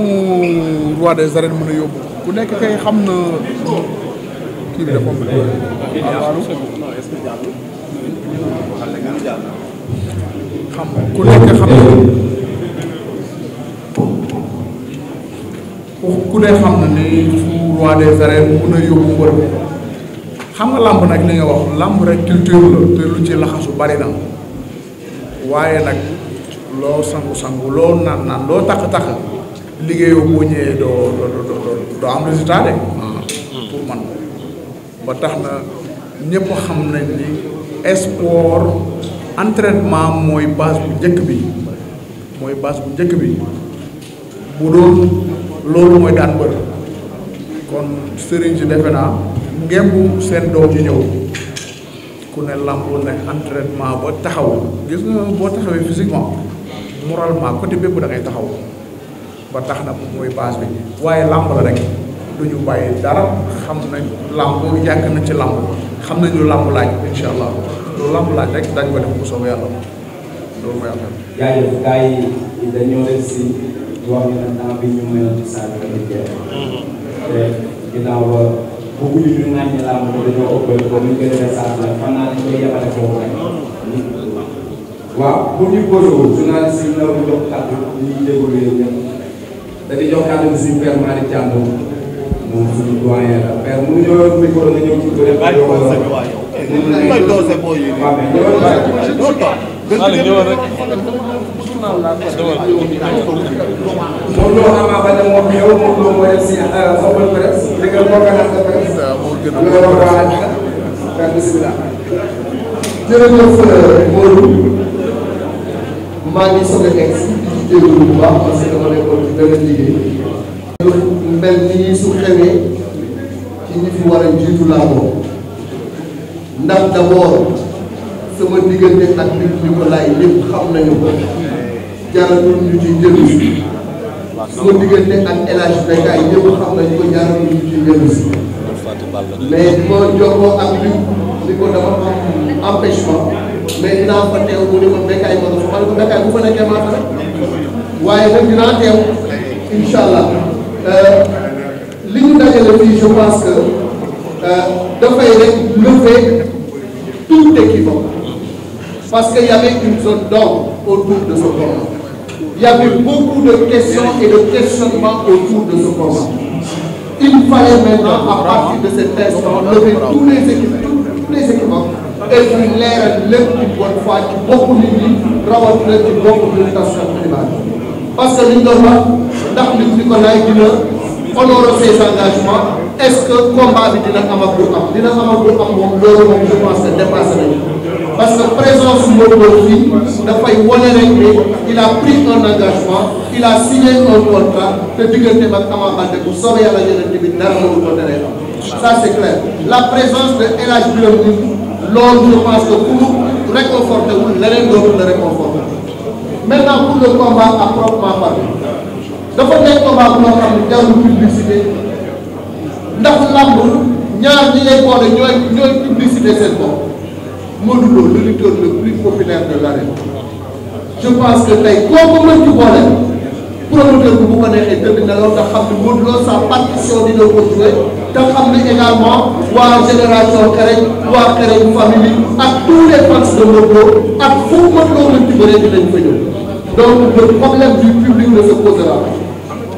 roi des arènes mën a yóbbu ku nekk kay xam na kii ah, ku nekk xam na ku ne xam na ni fu roi des arènes mën a yóbbu mbër am na làmb nag li nga wax làmb rek culture la te lu ci laxasu bari na waaye nag loo sangu-sangu loo naan naan loo takk-takk liggéeyoo boo ñëwee doo doo doo doo am résultat de mm-hmm. pour man ba tax na ñëpp xam nañ ni sport entraînement mooy base bu njëkk bi mooy baas bu njëkk bi bu doon loolu mooy daan bër kon sëriñ si defe naa ngembu seen doom yi ñëw ku ne làmbu ne entraînement ba taxaw gis boo taxawee physiquement moralement côté bépp da ngay ba tax na mooy base bi waaye làmb rek du ñu bàyyi dara xam nañ làmb yàgg nañ ci làmb xam nañ lu làmb laaj incha allah lu làmb rek dañ ko def bu soobee yàlla loolu mooy affaire bu guddi bi ñu naan ñu làmb ko dañoo ëppale ko ñu gën a def saa la xam naa dañ koy yabale foofu rek. waaw pour ñu góorgóorlu journaliste yi ñu jox kàddu ñuy déglu yéen ñëpp dañuy jox kàddu bi suñu père Malick Thiandoum moom suñu doyen la père mu ñëwoon micro nga ñëw ci bëre. waaw waaw waaw waaw gën a jërëjëf Modou maa ngi soog a egg si di déglu bu baax parce que dama nekkoon ci benn liggéey. mel ni su xewee a jiitu laa moom ndax d'abord sama diggante ak nit ko laay ñëpp xam nañu ko jaratul ñu ci njëriñ si sama diggante ak El Hadj Becaye ñëpp xam nañu ko jaratul ñu ci njëriñ si. mais di ma jokkoo ak lui ni ko dama am empêchement mais dinaa fa teew mu ne ma bekkaay ma nga fa man ko bekkaay bu fa nekkee maa fa waaye nag dinaa teew incha allah euh, li ñu dajale fii je pense que euh, dafay rek lever tout équivoque parce qu'il y avait une zone d'ombre autour de ce combat. Il y avait beaucoup de questions et de questionnements autour de ce combat. il fallait maintenant à partir de cet instant lever tous les équipements tous les équipements et puis leeral lépp ci bonne foi ci bokku nit ñi rawatina ci bokku militation climatique parce que li ñu doon wax ndax nit ñi ko nay dina honorer ses engagements est-ce que bi dina am ak am dina am ak am moom loolu moom je pense que parce que présence Modou fii dafay wane rek ni il pris un engagement il a signé un te diggante mag Ama Baldé bu soobee yàlla yeneen tamit dara mënu ko tere ça c'est clair la présence de El Hadj Birame Ndour loolu je pense que pour réconforter wul leneen la réconforter maintenant pour le combat à proprement parler dafa nekk combat bu nga xam ne jarul publicité ndax làmb ñaar ñi lay ñooy ñooy publicité seen bopp. Modou Lo le lutteur plus populaire de l'arène je pense que tey kooku mën ci boole promoteur bi bu ko neexee dëgg na loolu nga xam ne Modou Lo sa partition dina ko jouer te xam ne également waa génération Kareñ waa Kareñ famille ak tous les fans de Modou ak fu Modou Lo mën ci bëree dinañ fa le problème du public ne se posera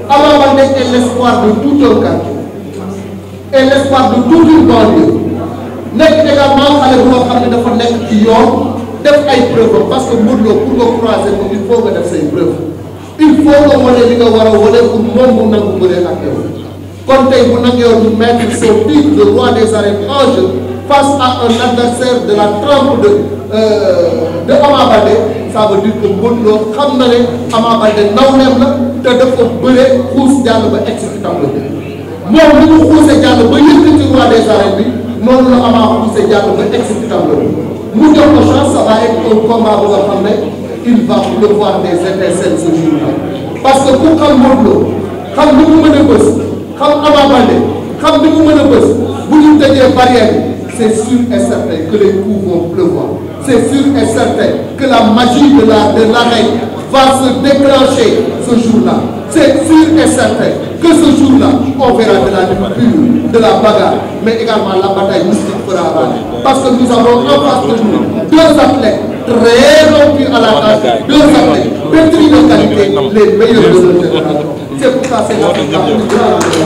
Ama Baldé est l'espoir de tout un quartier l'espoir de toute une banlieue nekk également xale bu nga xam ne dafa nekk yoon def ay preuve parce que Modou Lo pour nga croiser ko il faut nga def say preuve il nga wane li nga war a wane pour moom mu des arènes en jeu face à un adversaire de la trempe de euh, que Modou xam na ne Ama Baldé nawleem la te dafa bëree xuus jàll ba exécutant la moom li mu xuusee jàll ba yëkkati roi des arènes bi. noonu la Ama poussé jàll ba egg si tableau mu jox ko chance ça va être un combat bu nga xam il va pleuvoir des étincelles ce jour-là parce que ku xam Modou Lo xam ni mu mën a bës xam Ama Baldé xam ni mu mën a bës barrière c'est sûr et certain que les coups vont pleuvoir c'est sûr et certain que la magie de la va se déclencher ce jour-là c'est sûr et certain que ce jour-là, on verra de la lutte pure, de la bagarre, mais également la bataille mystique fera avaler. Parce que nous avons en face de nous deux athlètes très rompus à la tâche, deux athlètes pétris de qualité, les meilleurs de notre génération. C'est pour ça que c'est la plus grande de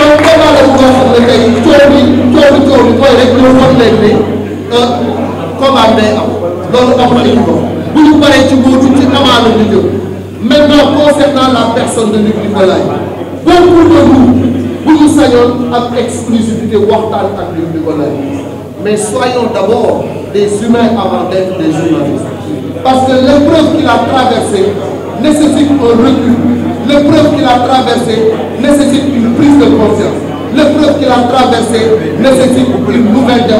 la kon combat la bu nga xam ne tey coow bi coow bi coow bi mooy rek ñoo xam leen ne combat day am loolu amul nañu ko bu ñu paree ci góor ci amaana ñu jëm. maintenant concernant la personne de Luc Nicolaï beaucoup de bu ñu sañoon ak exclusivité waxtaan ak Luc Nicolaï mais soyons d'abord des humains avant d'être des journalistes parce que l'épreuve qu'il a traversée nécessite un recul l'épreuve qu'il a traversée nécessite une prise de conscience l'épreuve qu'il a traversée nécessite une nouvelle que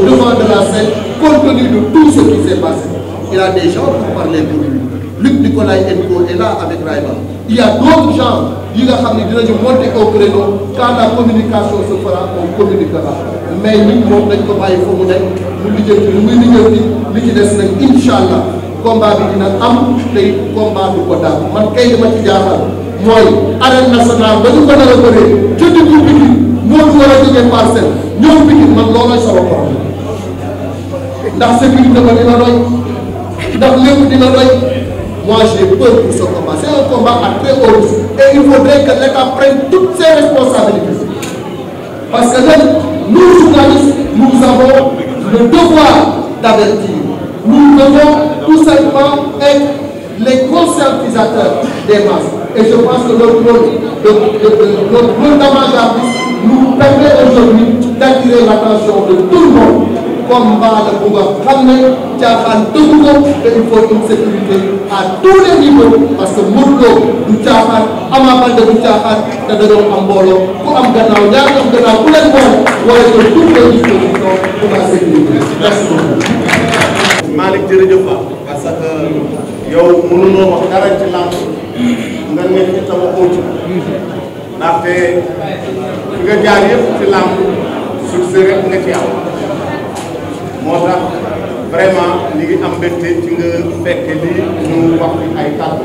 de la scène compte tenu de tout ce qui s'est passé, il y a des gens qui parlent pour lui. Luc Nicolai Enko est là avec Raïba. Il y a d'autres gens qui vont monter au créneau. Quand la communication se fera, on communiquera. Mais nous, nous devons faire nous devons faire nous Inch'Allah, combat bi dina am tey combat du ko daal man kay dama ci jaaxal mooy arène nationale ba ñu mën a la bëree ci diggu Pikine moo ñu war a jógee parcelle ñoom Pikine man loolooy sama problème ndax sécurité ba dina doy ndax lépp dina doy moi j'ai peur pour ce combat c'est un combat à très haut risque et il faudrait que l'État prenne toutes ses responsabilités parce que nag nous journalistes nous avons le devoir d'avertir nous devons tout simplement être les conscientisateurs des masses et je pense que notre rôle de de de notre rôle d'avant-gardiste nous permet aujourd'hui d'attirer l'attention de tout le monde combat la bu nga xam ne caaxaan dëgg ko te il faut une sécurité à tous les niveaux parce que Modou Lo du caaxaan Ama Baldé du caaxaan te am mbooloo ku am gannaaw ñaar am gannaaw ku leen boole wala jël toutes les dispositions pour la sécurité merci beaucoup. Malick jërëjëf parce que yow mënunoo wax dara ci làmb nga nekk ci sama coach ndaxte nga jaar yëpp ci làmb succès rek nga ci am. moo tax vraiment ñi ngi am mbégte ci nga fekke li ñu wax fi ay kàddu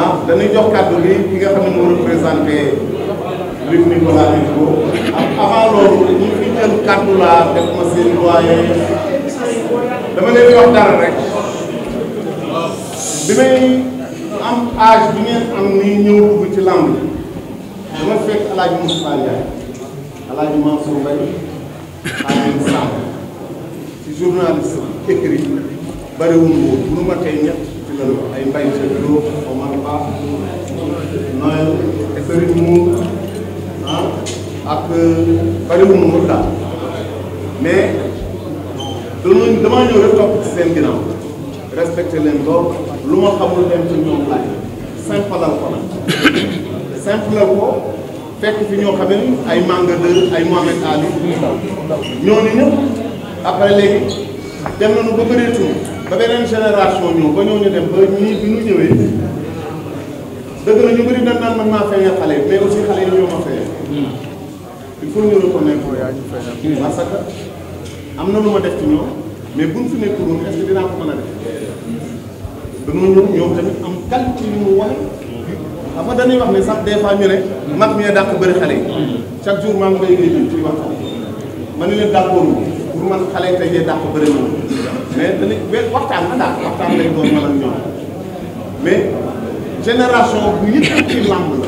ah dañuy jox kàddu gi ki nga xam ne moo représenté Luc Nicolaï Djigo ak avant loolu ñu fi jël kàddu laa def ma seen doyen dama leen wax dara rek bi may am âge bi ngeen am ni ñëw dugg ci làmb dama fekk El Hadj Moussa Ndiaye El Hadj Mansour Mbaye Alioune Samb journaliste écrit bariwul woon bu nu ma tey ñett ay mbay sa loo Omar Ba Noël écrit ah ak bariwul woon daal mais damaa ñëw rek seen ginnaaw respecté leen lool lu ma xamul dem ci ñoom laaj simplal ko nag simplal ko fekk fi ñoo xam ne ay Manga 2 ay Mohamed Ali ñoo ni ñëpp après léegi dem nañu ba bëreetul ba beneen génération ñëw ba ñoo dem ba ñii ñu ñëwee dëgg na ñu bëri dañ naan man maa feeñal xale mais aussi xale yi ñoo ma feeñal. il faut ñu reconnaître am na lu ma def ci ñoom mais buñ fi nekkul woon est ce dinaa ko mën a def. dañoo ñëw ñoom tamit am kàll ci li mu wax. xam nga dañuy wax ne sax des ñu ne. mag ñee dàq bëri xale yi. Mm. chaque jour maa ngi koy liggéey ci waxtaan. ma ne leen d'accord pour man xale tey jii ba bëri na mais dañuy mais waxtaan na waxtaan lay doon man ñoom mais génération bu yëpp ci làmb la.